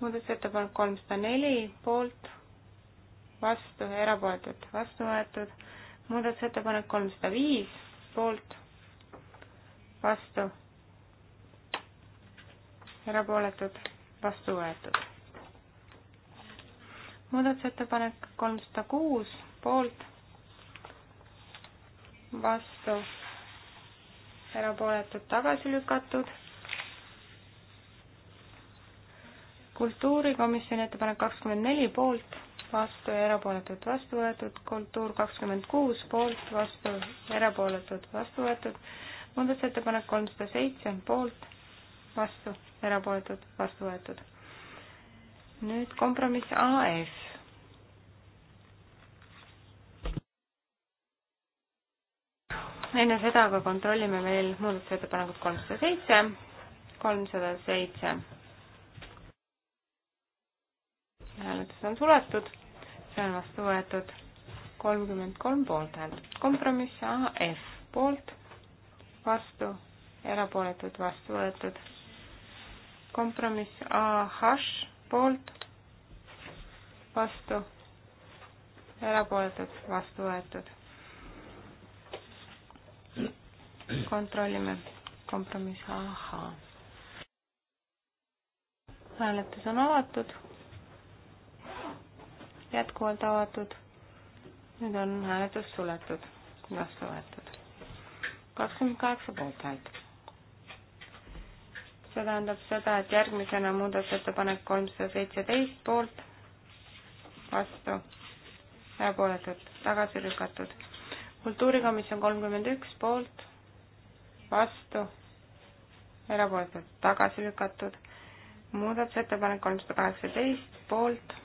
muudatusettepanek kolmsada neli, poolt, vastu, erapooletud, vastu võetud. muudatusettepanek kolmsada viis, poolt, vastu, erapooletud, vastu võetud. muudatusettepanek kolmsada kuus, poolt, vastu, erapooletud, tagasi lükatud kultuurikomisjoni ettepanek kakskümmend neli poolt, vastu ja erapooletud, vastu võetud, kultuur kakskümmend kuus poolt, vastu, erapooletud, vastu võetud, muudatusettepanek kolmsada seitse poolt, vastu, erapooletud, vastu võetud. nüüd kompromiss AF. enne seda aga kontrollime veel muudatusettepanekut kolmsada seitse, kolmsada seitse hääletus on suletud, see on vastu võetud kolmkümmend kolm poolthäält. kompromiss AF poolt, vastu, erapooletud, vastu võetud. kompromiss AH poolt, vastu, erapooletud, vastu võetud. kontrollime kompromiss AH. hääletus on avatud jätkuvalt avatud. nüüd on hääletus suletud, vastu võetud. kakskümmend kaheksa poolthäält. see tähendab seda, et järgmisena muudatusettepanek kolmsada seitseteist poolt, vastu, erapooletud, tagasi lükatud. kultuurikomisjon kolmkümmend üks poolt, vastu, erapooletud, tagasi lükatud muudatusettepanek kolmsada kaheksateist, poolt,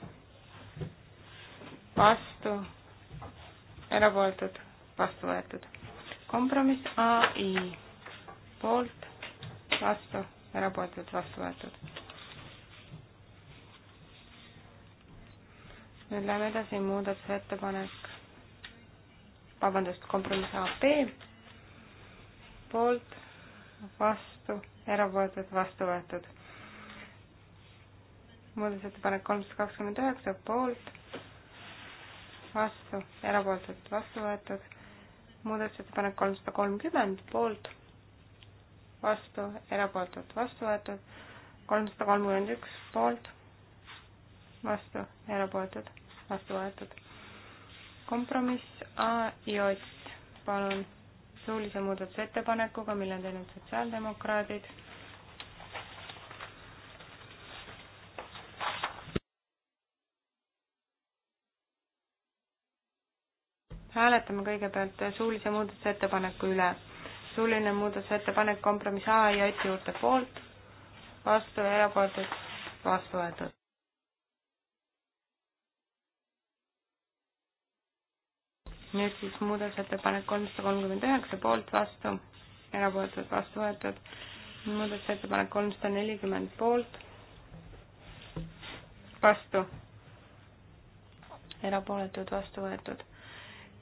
vastu, erapooletud, vastu võetud. kompromiss ai, poolt, vastu, erapooletud, vastu võetud. nüüd läheme edasi, muudatusettepanek, vabandust, kompromiss ab, poolt, vastu, erapooletud, vastu võetud. muudatusettepanek kolmsada kakskümmend üheksa, poolt vastu, erapooletud, vastu võetud. muudatusettepanek kolmsada kolmkümmend, poolt, vastu, erapooletud, vastu võetud. kolmsada kolmkümmend üks, poolt, vastu, erapooletud, vastu võetud. kompromiss A J, palun, suulise muudatusettepanekuga, mille on teinud sotsiaaldemokraadid hääletame kõigepealt suulise muudatusettepaneku üle. suuline muudatusettepanek kompromiss A ja J juurde poolt, vastu ja erapooletud, vastu võetud. nüüd siis muudatusettepanek kolmsada kolmkümmend üheksa poolt, vastu, erapooletud, vastu võetud. muudatusettepanek kolmsada nelikümmend poolt, vastu, erapooletud, vastu võetud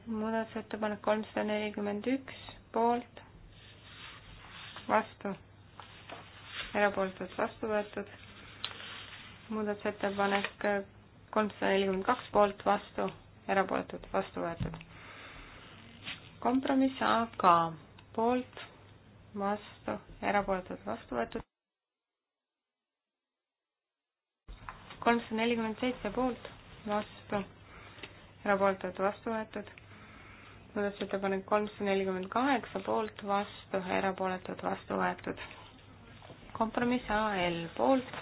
muudatusettepanek kolmsada nelikümmend üks, poolt, vastu, erapooletud, vastu võetud. muudatusettepanek kolmsada nelikümmend kaks, poolt, vastu, erapooletud, vastu võetud. kompromiss AK, poolt, vastu, erapooletud, vastu võetud. kolmsada nelikümmend seitse poolt, vastu, erapooletud, vastu võetud muudatusettepanek kolmsada nelikümmend kaheksa poolt, vastu, erapooletud, vastu võetud. kompromiss AL poolt,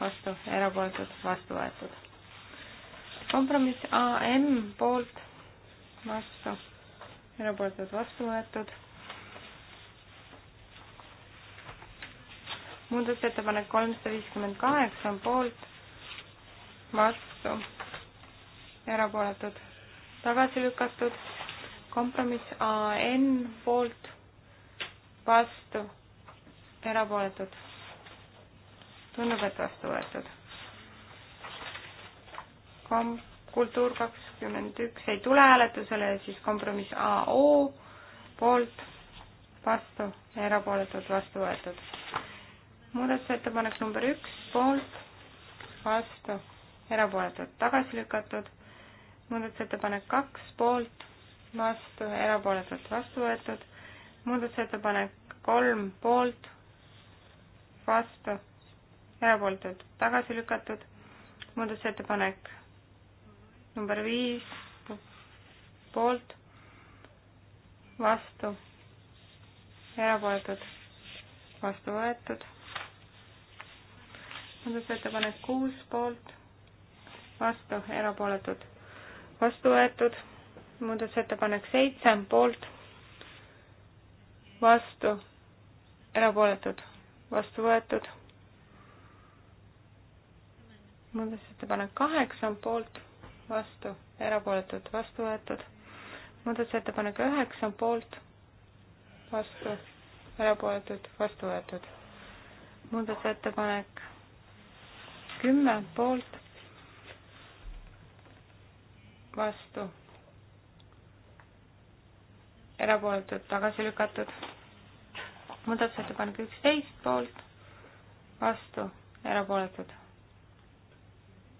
vastu, erapooletud, vastu võetud. kompromiss AM poolt, vastu, erapooletud, vastu võetud. muudatusettepanek kolmsada viiskümmend kaheksa on poolt, vastu, erapooletud, tagasi lükatud kompromiss AN poolt, vastu, erapooletud. tundub, et vastu võetud. kom-, kultuur kakskümmend üks ei tule hääletusele, siis kompromiss AO poolt, vastu, erapooletud, vastu võetud. muudatusettepanek number üks, poolt, vastu, erapooletud, tagasi lükatud. muudatusettepanek kaks, poolt vastu, erapooletult vastu võetud. muudatusettepanek kolm poolt, vastu, erapooletult tagasi lükatud. muudatusettepanek number viis poolt, vastu, erapooletult vastu võetud. muudatusettepanek kuus poolt, vastu, erapooletult vastu võetud muudatusettepanek seitse poolt, vastu, erapooletud, vastu võetud. muudatusettepanek kaheksa poolt, vastu, erapooletud, vastu võetud. muudatusettepanek üheksa poolt, vastu, erapooletud, vastu võetud. muudatusettepanek kümme poolt, vastu erapooletud, tagasi lükatud. muudatusettepanek üksteist poolt, vastu, erapooletud,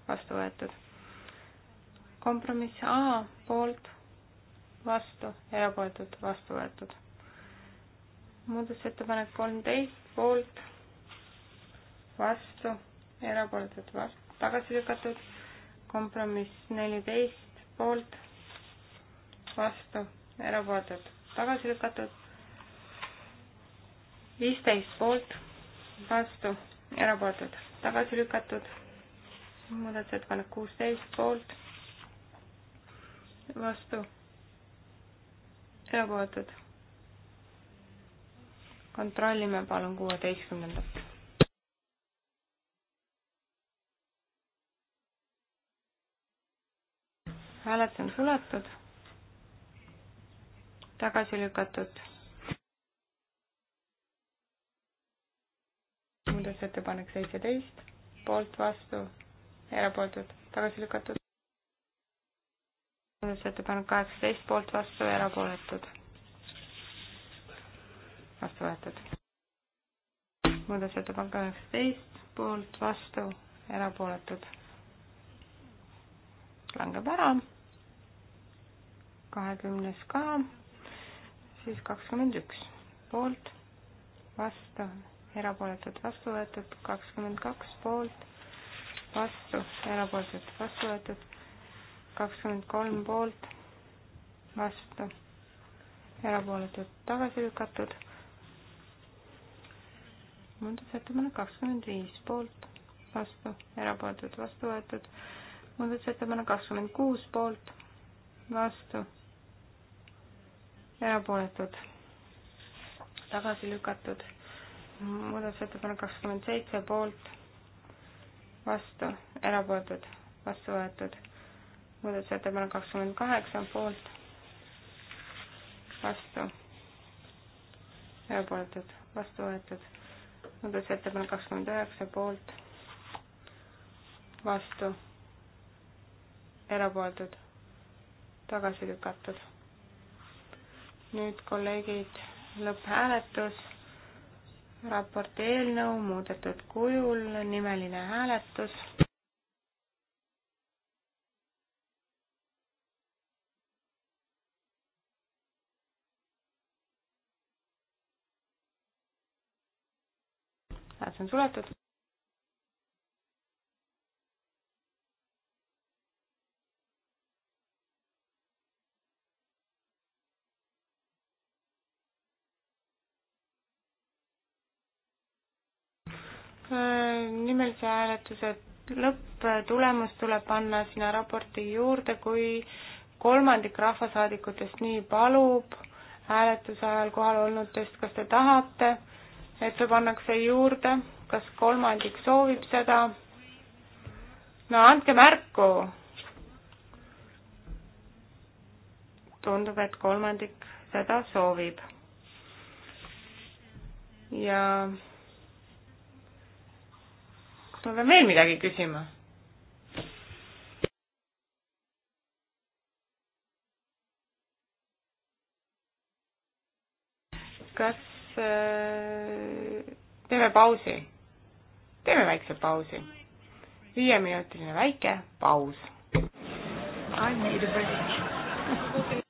vastu võetud. kompromiss A poolt, vastu, erapooletud, vastu võetud. muudatusettepanek kolmteist poolt, vastu, erapooletud, vastu, tagasi lükatud. kompromiss neliteist poolt, vastu erapooletud, tagasi lükatud. viisteist poolt, vastu, erapooletud, tagasi lükatud. muudatusettepanek kuusteist poolt, vastu, erapooletud. kontrollime palun kuueteistkümnendat. hääled on suletud tagasi lükatud. muudatusettepanek seitseteist, poolt, vastu, erapooletud, tagasi lükatud. muudatusettepanek kaheksateist, poolt, vastu, erapooletud, vastu võetud. muudatusettepanek üheksateist, poolt, vastu, erapooletud, langeb ära kahekümnes ka siis kakskümmend üks poolt, vastu, erapooletud, vastu võetud, kakskümmend kaks poolt, vastu, erapooletud, vastu võetud, kakskümmend kolm poolt, vastu, erapooletud, tagasi lükatud. muudatusettepanek kakskümmend viis poolt, vastu, erapooletud, vastu võetud, muudatusettepanek kakskümmend kuus poolt, vastu erapooletud, tagasi lükatud. muudatusettepanek kakskümmend seitse poolt, vastu, erapooletud, vastu võetud. muudatusettepanek kakskümmend kaheksa poolt, vastu, erapooletud, vastu võetud. muudatusettepanek kakskümmend üheksa poolt, vastu, erapooletud, tagasi lükatud nüüd kolleegid, lõpphääletus, raporti eelnõu muudetud kujul, nimeline hääletus. hääletus on suletud. nimelise hääletuse lõpptulemus tuleb panna sinna raporti juurde, kui kolmandik rahvasaadikutest nii palub hääletuse ajal kohal olnutest, kas te tahate, et see pannakse juurde, kas kolmandik soovib seda? no andke märku. tundub, et kolmandik seda soovib. ja kas ma pean veel midagi küsima? kas äh, teeme pausi? teeme väikse pausi. viieminutiline väike paus. I made a break.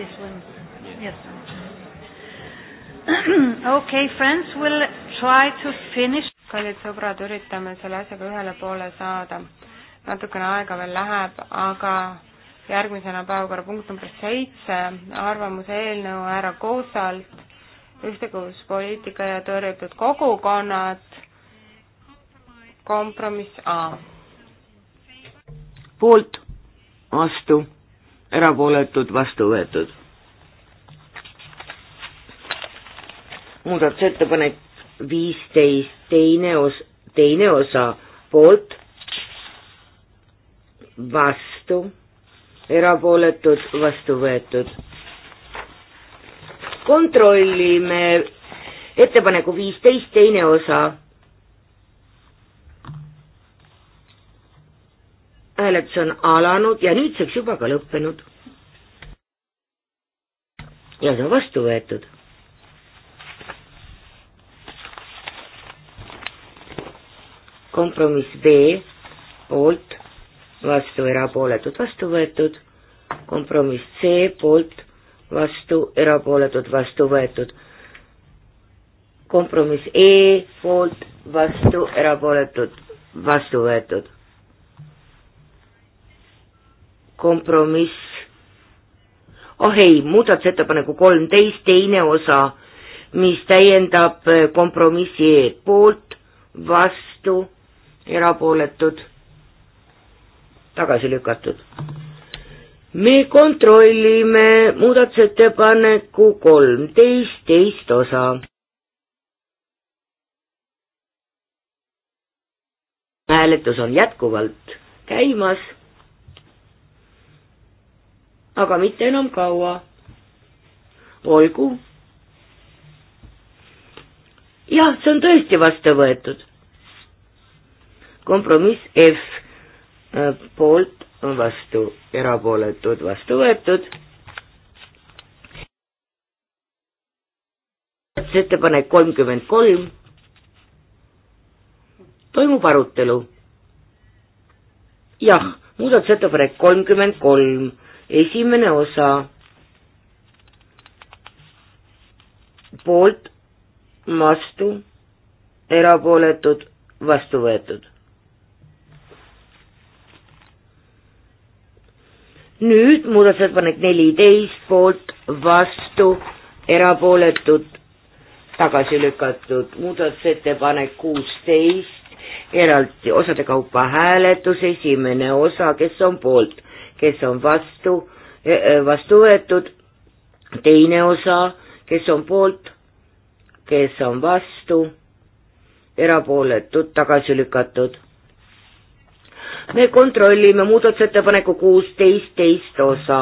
Yes, Wednesday. Yes. yes. okay, friends, we'll try to finish. kallid sõbrad, üritame selle asjaga ühele poole saada. natukene aega veel läheb, aga järgmisena päevakorrapunkt number seitse, arvamuse eelnõu härra Koosalt, ühtekuuluvuspoliitika ja tõrjutud kogukonnad, kompromiss A. poolt, vastu erapooletud, vastu võetud. muudatusettepanek viisteist, teine os-, teine osa poolt, vastu, erapooletud, vastu võetud. kontrollime ettepaneku viisteist, teine osa hääletus on alanud ja nüüdseks juba ka lõppenud. ja see on vastu võetud. kompromiss B poolt, vastu erapooletud, vastu võetud. kompromiss C poolt, vastu erapooletud, vastu võetud. kompromiss E poolt, vastu erapooletud, vastu võetud kompromiss, oh ei, muudatusettepaneku kolmteist teine osa, mis täiendab eh, kompromissi e poolt, vastu, erapooletud, tagasi lükatud. me kontrollime muudatusettepaneku kolmteist teist osa. hääletus on jätkuvalt käimas aga mitte enam kaua. olgu. jah, see on tõesti vastu võetud. kompromiss F äh, poolt on vastu, erapooletud vastu võetud. ettepanek kolmkümmend kolm. toimub arutelu. jah, muudatusettepanek kolmkümmend kolm esimene osa poolt, vastu, erapooletud, vastu võetud. nüüd muudatusettepanek neliteist poolt, vastu, erapooletud, tagasi lükatud, muudatusettepanek kuusteist, eraldi osade kaupa hääletus, esimene osa, kes on poolt kes on vastu, eh, vastu võetud, teine osa, kes on poolt, kes on vastu, erapooletud, tagasi lükatud. me kontrollime muudatusettepaneku kuusteist teist osa,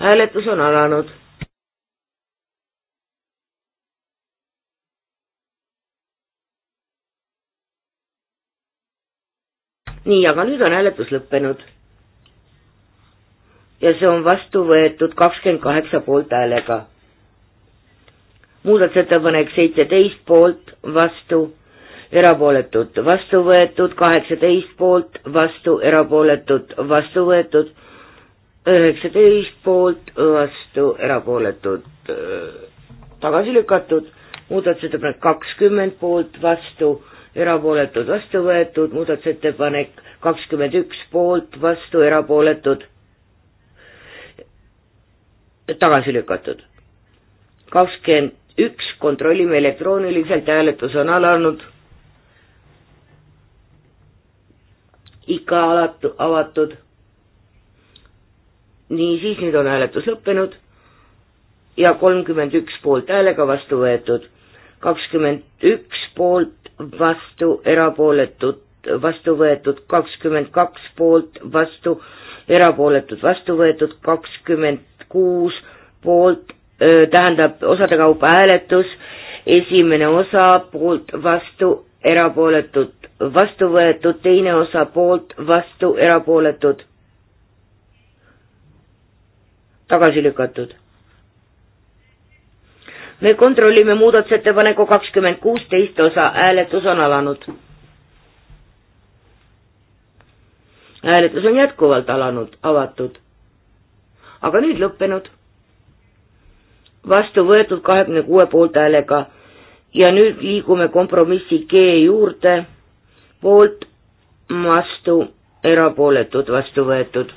hääletus on alanud nii, aga nüüd on hääletus lõppenud ja see on vastu võetud kakskümmend kaheksa poolthäälega. muudatusettepanek seitseteist poolt, vastu, erapooletud, vastu võetud, kaheksateist poolt, vastu, erapooletud, vastu võetud, üheksateist poolt, vastu, erapooletud, äh, tagasi lükatud, muudatusettepanek kakskümmend poolt, vastu, erapooletud, vastu võetud, muudatusettepanek kakskümmend üks poolt, vastu, erapooletud tagasi lükatud. kakskümmend üks, kontrollime elektrooniliselt, hääletus on alanud. ikka alatu, avatud. niisiis, nüüd on hääletus lõppenud ja kolmkümmend üks poolt häälega vastu võetud, kakskümmend üks poolt vastu, erapooletud vastu võetud, kakskümmend kaks poolt vastu, erapooletud vastu võetud, kakskümmend kuus poolt, tähendab osade kaupa hääletus, esimene osa poolt vastu, erapooletud, vastu võetud, teine osa poolt vastu, erapooletud, tagasi lükatud. me kontrollime muudatusettepaneku kakskümmend kuusteist osa, hääletus on alanud. hääletus on jätkuvalt alanud, avatud aga nüüd lõppenud. vastu võetud kahekümne kuue poolthäälega ja nüüd liigume kompromissi G juurde, poolt, vastu, erapooletud, vastu võetud.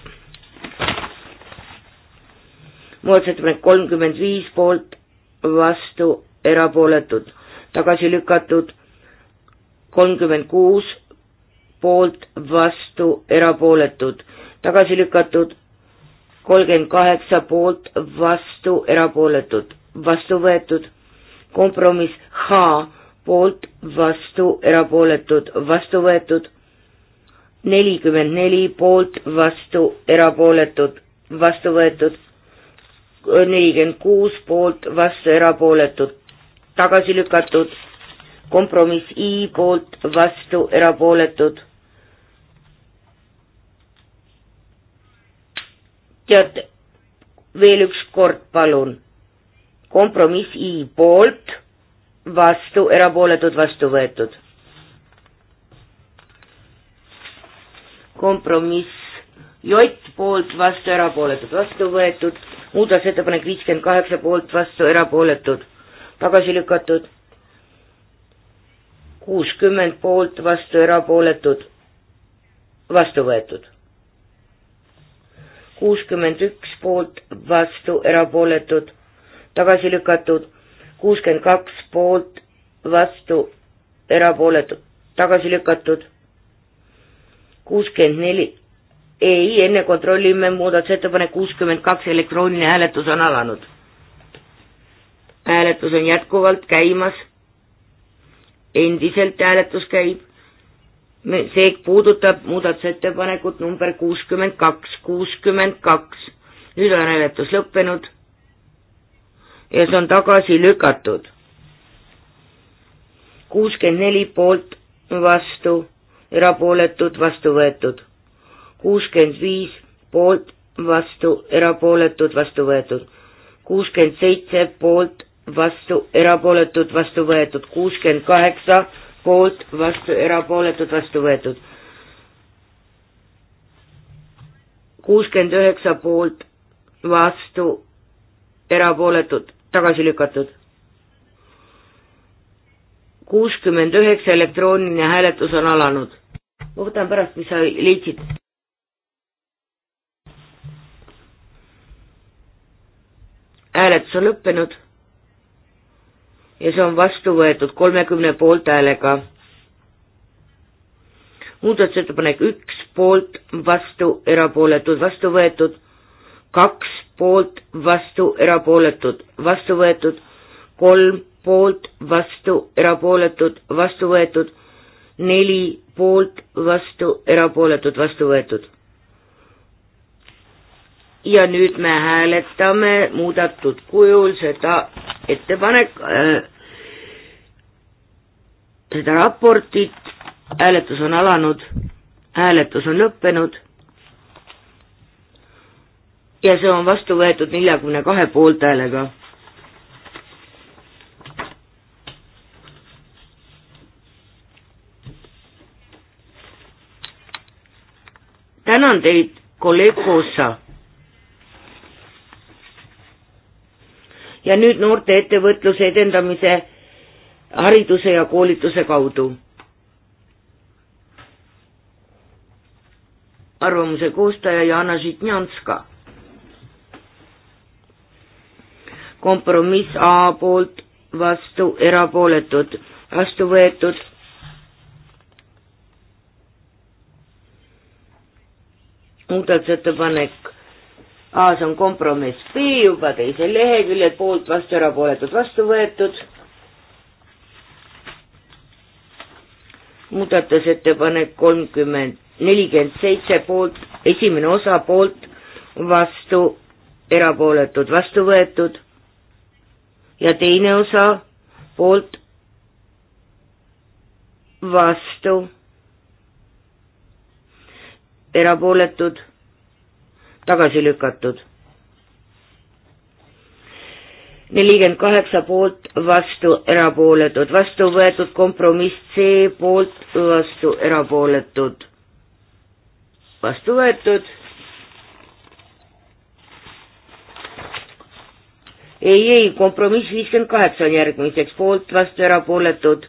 muudatusettepanek kolmkümmend viis poolt, vastu, erapooletud, tagasi lükatud, kolmkümmend kuus poolt, vastu, erapooletud, tagasi lükatud kolmkümmend kaheksa poolt, vastu, erapooletud, vastu võetud. kompromiss H poolt, vastu, erapooletud, vastu võetud. nelikümmend neli poolt, vastu, erapooletud, vastu võetud. nelikümmend kuus poolt, vastu, erapooletud, tagasi lükatud. kompromiss I poolt, vastu, erapooletud teate, veel üks kord palun, kompromiss I poolt, vastu, erapooletud, vastu võetud. kompromiss J poolt, vastu, erapooletud, vastu võetud, muudatusettepanek viiskümmend kaheksa poolt, vastu, erapooletud, tagasi lükatud, kuuskümmend poolt, vastu, erapooletud, vastu võetud kuuskümmend üks poolt, vastu, erapooletud, tagasi lükatud, kuuskümmend kaks poolt, vastu, erapooletud, tagasi lükatud, kuuskümmend neli, ei, enne kontrollime muudatusettepanek kuuskümmend kaks, elektrooniline hääletus on alanud. hääletus on jätkuvalt käimas, endiselt hääletus käib, see puudutab muudatusettepanekut number kuuskümmend kaks, kuuskümmend kaks. nüüd on hääletus lõppenud ja see on tagasi lükatud. kuuskümmend neli poolt, vastu, erapooletud, vastu võetud. kuuskümmend viis poolt, vastu, erapooletud, vastu võetud. kuuskümmend seitse poolt, vastu, erapooletud, vastu võetud. kuuskümmend kaheksa poolt, vastu, erapooletud, vastu võetud. kuuskümmend üheksa poolt, vastu, erapooletud, tagasi lükatud. kuuskümmend üheksa elektrooniline hääletus on alanud. ma võtan pärast, mis sa leidsid. hääletus on lõppenud ja see on vastu võetud kolmekümne poolthäälega. muudatusettepanek üks poolt, vastu, erapooletud, vastu võetud, kaks poolt, vastu, erapooletud, vastu võetud, kolm poolt, vastu, erapooletud, vastu võetud, neli poolt, vastu, erapooletud, vastu võetud ja nüüd me hääletame muudatud kujul seda ettepanek äh,, seda raportit, hääletus on alanud, hääletus on lõppenud ja see on vastu võetud neljakümne kahe poolthäälega. tänan teid, kolleeg Koossa ja nüüd noorte ettevõtluse edendamise hariduse ja koolituse kaudu. arvamuse koostaja Jana Žitnjanska. kompromiss A poolt, vastu erapooletud, vastu võetud muudatusettepanek A, see on kompromiss B juba teisel leheküljel, poolt vastu, erapooletud vastu võetud. muudatusettepanek kolmkümmend, nelikümmend seitse poolt, esimene osa poolt, vastu, erapooletud vastu võetud ja teine osa poolt, vastu, erapooletud tagasi lükatud. nelikümmend kaheksa poolt, vastu, erapooletud, vastu võetud kompromiss C poolt, vastu, erapooletud, vastu võetud. ei, ei, kompromiss viiskümmend kaheksa on järgmiseks, poolt, vastu, erapooletud,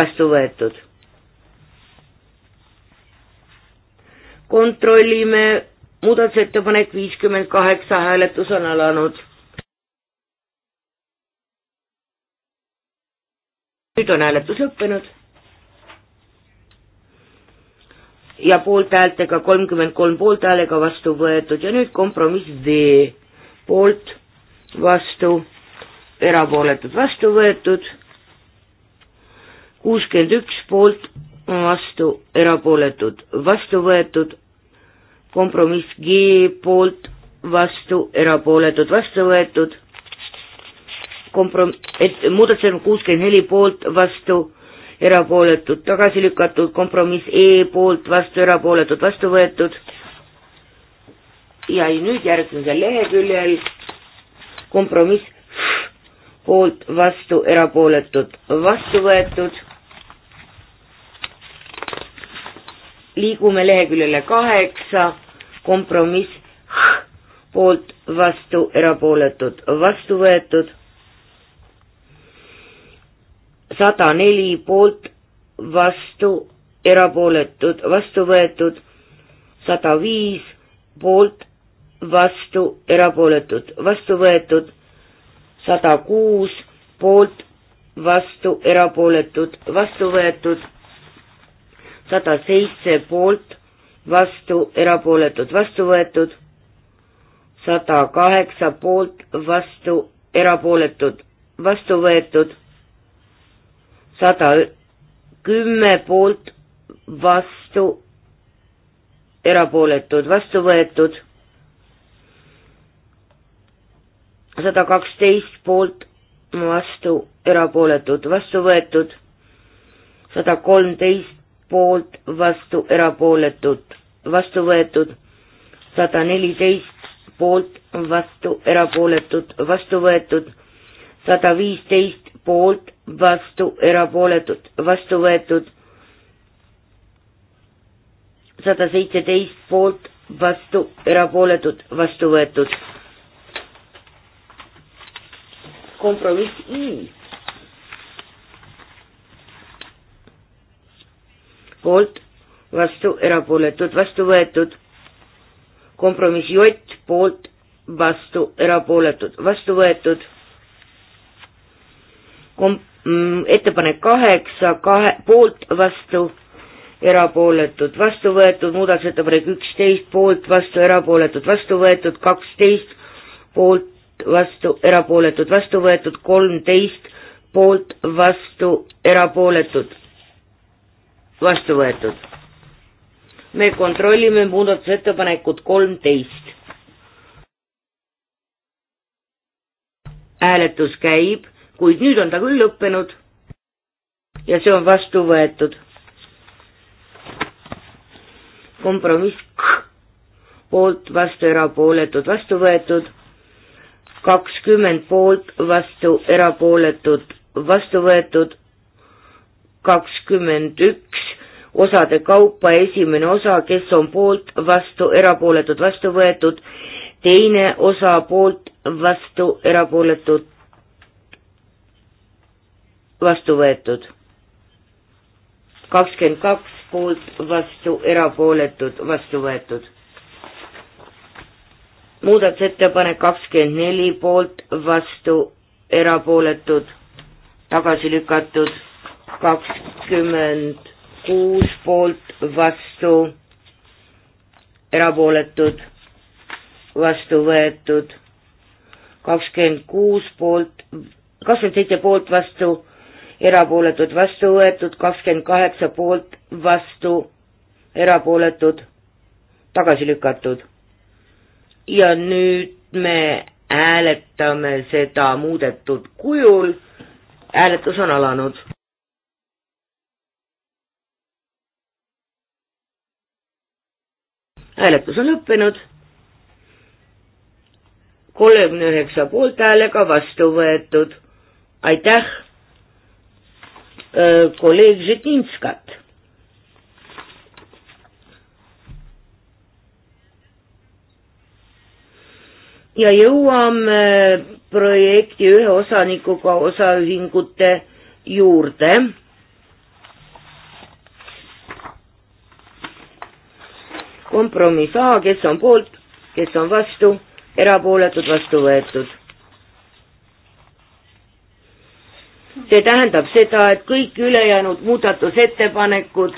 vastu võetud kontrollime, muudatusettepanek viiskümmend kaheksa, hääletus on alanud. nüüd on hääletus lõppenud. ja poolthäältega kolmkümmend kolm poolthäälega vastu võetud ja nüüd kompromiss D poolt, vastu, erapooletud vastu võetud, kuuskümmend üks poolt, vastu, erapooletud vastu võetud, kompromiss G poolt, vastu, erapooletud, vastu võetud, komprom-, et muudatusettepanek kuuskümmend neli poolt, vastu, erapooletud, tagasi lükatud, kompromiss E poolt, vastu, erapooletud, vastu võetud ja nüüd järgmisel leheküljel kompromiss poolt, vastu, erapooletud, vastu võetud. liigume leheküljele kaheksa, kompromiss H poolt vastu, erapooletud vastu võetud, sada neli poolt vastu, erapooletud vastu võetud, sada viis poolt vastu, erapooletud vastu võetud, sada kuus poolt vastu, erapooletud vastu võetud, sada seitse poolt vastu, erapooletud, vastu võetud, sada kaheksa poolt, vastu, erapooletud, vastu võetud, sada kümme poolt, vastu, erapooletud, vastu võetud, sada kaksteist poolt, vastu, erapooletud, vastu võetud, sada kolmteist poolt, vastu, erapooletud, vastu võetud, sada neliteist poolt, vastu, erapooletud, vastu võetud, sada viisteist poolt, vastu, erapooletud, vastu võetud, sada seitseteist poolt, vastu, erapooletud, vastu võetud. kompromiss I poolt, vastu, erapooletud, vastu võetud. kompromiss J poolt, vastu, erapooletud, vastu võetud. Kom-, mm, ettepanek kaheksa, kahe, poolt, vastu, erapooletud, vastu võetud, muudatusettepanek üksteist, poolt, vastu, erapooletud, vastu võetud, kaksteist, poolt, vastu, erapooletud, vastu võetud, kolmteist, poolt, vastu, erapooletud vastu võetud. me kontrollime muudatusettepanekut kolmteist. hääletus käib, kuid nüüd on ta küll lõppenud ja see on vastu võetud. kompromiss K poolt vastu erapooletud, vastu võetud, kakskümmend poolt vastu erapooletud, vastu võetud, kakskümmend üks osade kaupa, esimene osa, kes on poolt, vastu, erapooletud, vastu võetud, teine osa poolt, vastu, erapooletud, vastu võetud. kakskümmend kaks poolt, vastu, erapooletud, vastu võetud. muudatusettepanek kakskümmend neli poolt, vastu, erapooletud, tagasi lükatud, kakskümmend kuus poolt vastu, erapooletud, vastu võetud, kakskümmend kuus poolt, kakskümmend seitse poolt vastu, erapooletud vastu võetud, kakskümmend kaheksa poolt vastu, erapooletud, tagasi lükatud. ja nüüd me hääletame seda muudetud kujul, hääletus on alanud hääletus on lõppenud. kolmekümne üheksa poolthäälega vastu võetud. aitäh äh, kolleeg Žetinskat. ja jõuame projekti ühe osanikuga osaühingute juurde kompromiss A, kes on poolt, kes on vastu, erapooletud, vastu võetud. see tähendab seda, et kõik ülejäänud muudatusettepanekud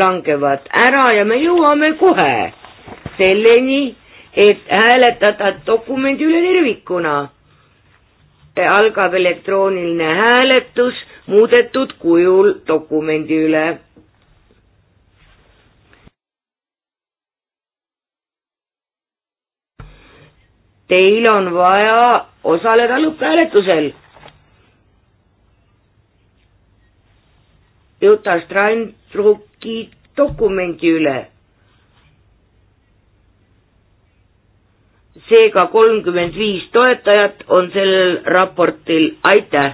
langevad ära ja me jõuame kohe selleni, et hääletada dokumendi üle tervikuna. algab elektrooniline hääletus muudetud kujul dokumendi üle teil on vaja osaleda lõpphääletusel. Juta Strand trukki dokumendi üle. seega kolmkümmend viis toetajat on sellel raportil, aitäh!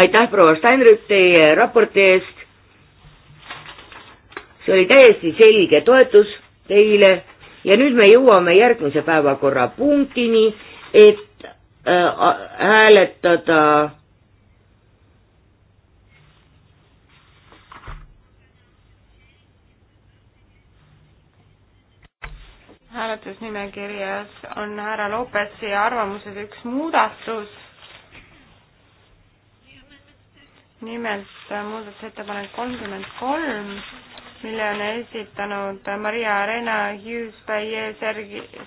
aitäh, proua Steinrück, teie raporti eest see oli täiesti selge toetus teile ja nüüd me jõuame järgmise päevakorrapunktini, et äh, hääletada hääletusnimekirjas on härra Lopesi arvamuses üks muudatus, nimelt äh, muudatusettepanek kolmkümmend kolm mille on esitanud Maria Arena, Hughes Baie,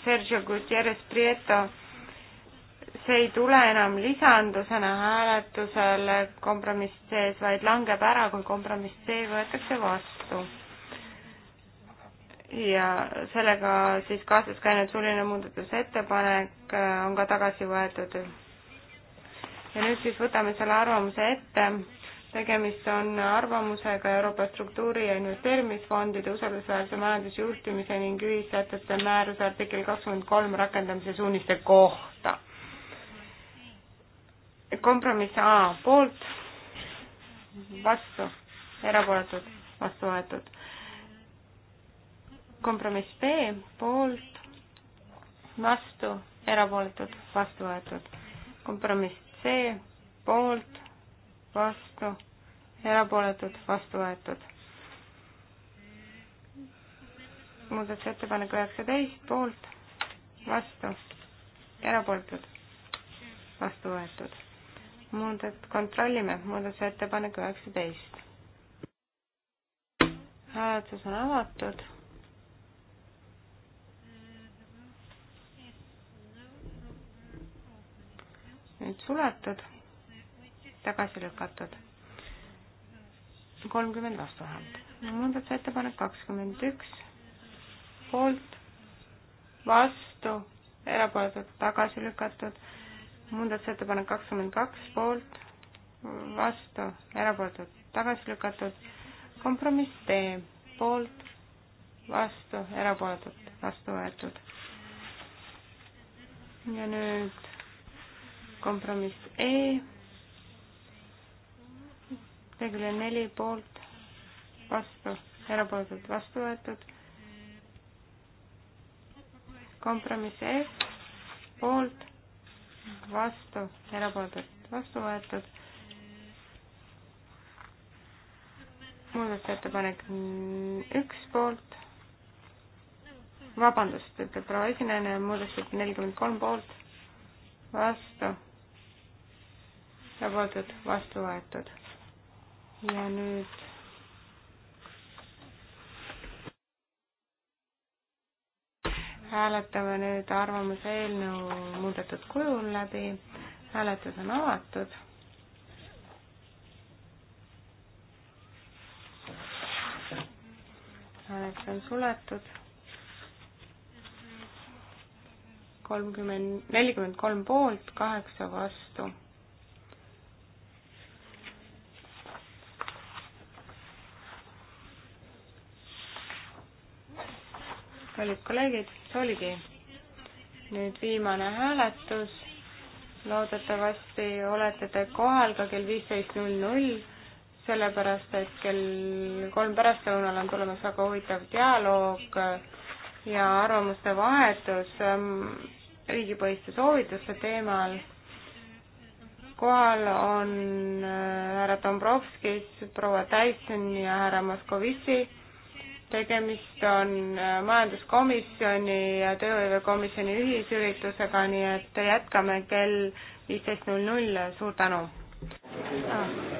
Sergio Gutierrez Prieto. see ei tule enam lisandusena hääletusele kompromiss sees, vaid langeb ära, kui kompromiss C võetakse vastu. ja sellega siis kaasas käinud suuline muudatusettepanek äh, on ka tagasi võetud. ja nüüd siis võtame selle arvamuse ette tegemist on arvamusega Euroopa struktuuri- ja investeerimisfondide usaldusväärse majandusjuhtimise ning ühissätete määruse artikkel kakskümmend kolm rakendamise suuniste kohta. kompromiss A poolt, vastu, erapooletud, vastu võetud. kompromiss B poolt, vastu, erapooletud, vastu võetud. kompromiss C poolt vastu, erapooletud, vastu võetud. muudatusettepanek üheksateist, poolt, vastu, erapooletud, vastu võetud. muudat-, kontrollime, muudatusettepanek üheksateist. hääletus on avatud. nüüd suletud, tagasi lükatud kolmkümmend vastuhäält. muudatusettepanek kakskümmend üks, poolt, vastu, erapooletud, tagasi lükatud. muudatusettepanek kakskümmend kaks, poolt, vastu, erapooletud, tagasi lükatud. kompromiss D, poolt, vastu, erapooletud, vastu võetud. ja nüüd kompromiss E lehekülje neli poolt, vastu, erapooletult vastu võetud. kompromiss F, poolt, vastu, erapooletult vastu võetud. muudatusettepanek üks poolt, vabandust, ütleb proua esinejana, muudatusettepanek nelikümmend kolm poolt, vastu, erapooletult vastu võetud ja nüüd hääletame nüüd arvamuse eelnõu muudetud kujul läbi. hääletus on avatud. hääletus on suletud. kolmkümmend, nelikümmend kolm poolt, kaheksa vastu kallid kolleegid, see oligi nüüd viimane hääletus. loodetavasti olete te kohal ka kell viisteist null null, sellepärast et kell kolm pärastlõunal on tulemas väga huvitav dialoog ja arvamuste vahetus ähm, riigipõhiste soovituste teemal kohal on äh, härra Dombrovskis, proua Tyson ja härra Moskovitši tegemist on äh, majanduskomisjoni ja tööhõivekomisjoni ühisüritusega, nii et jätkame kell viisteist null null, suur tänu ah.!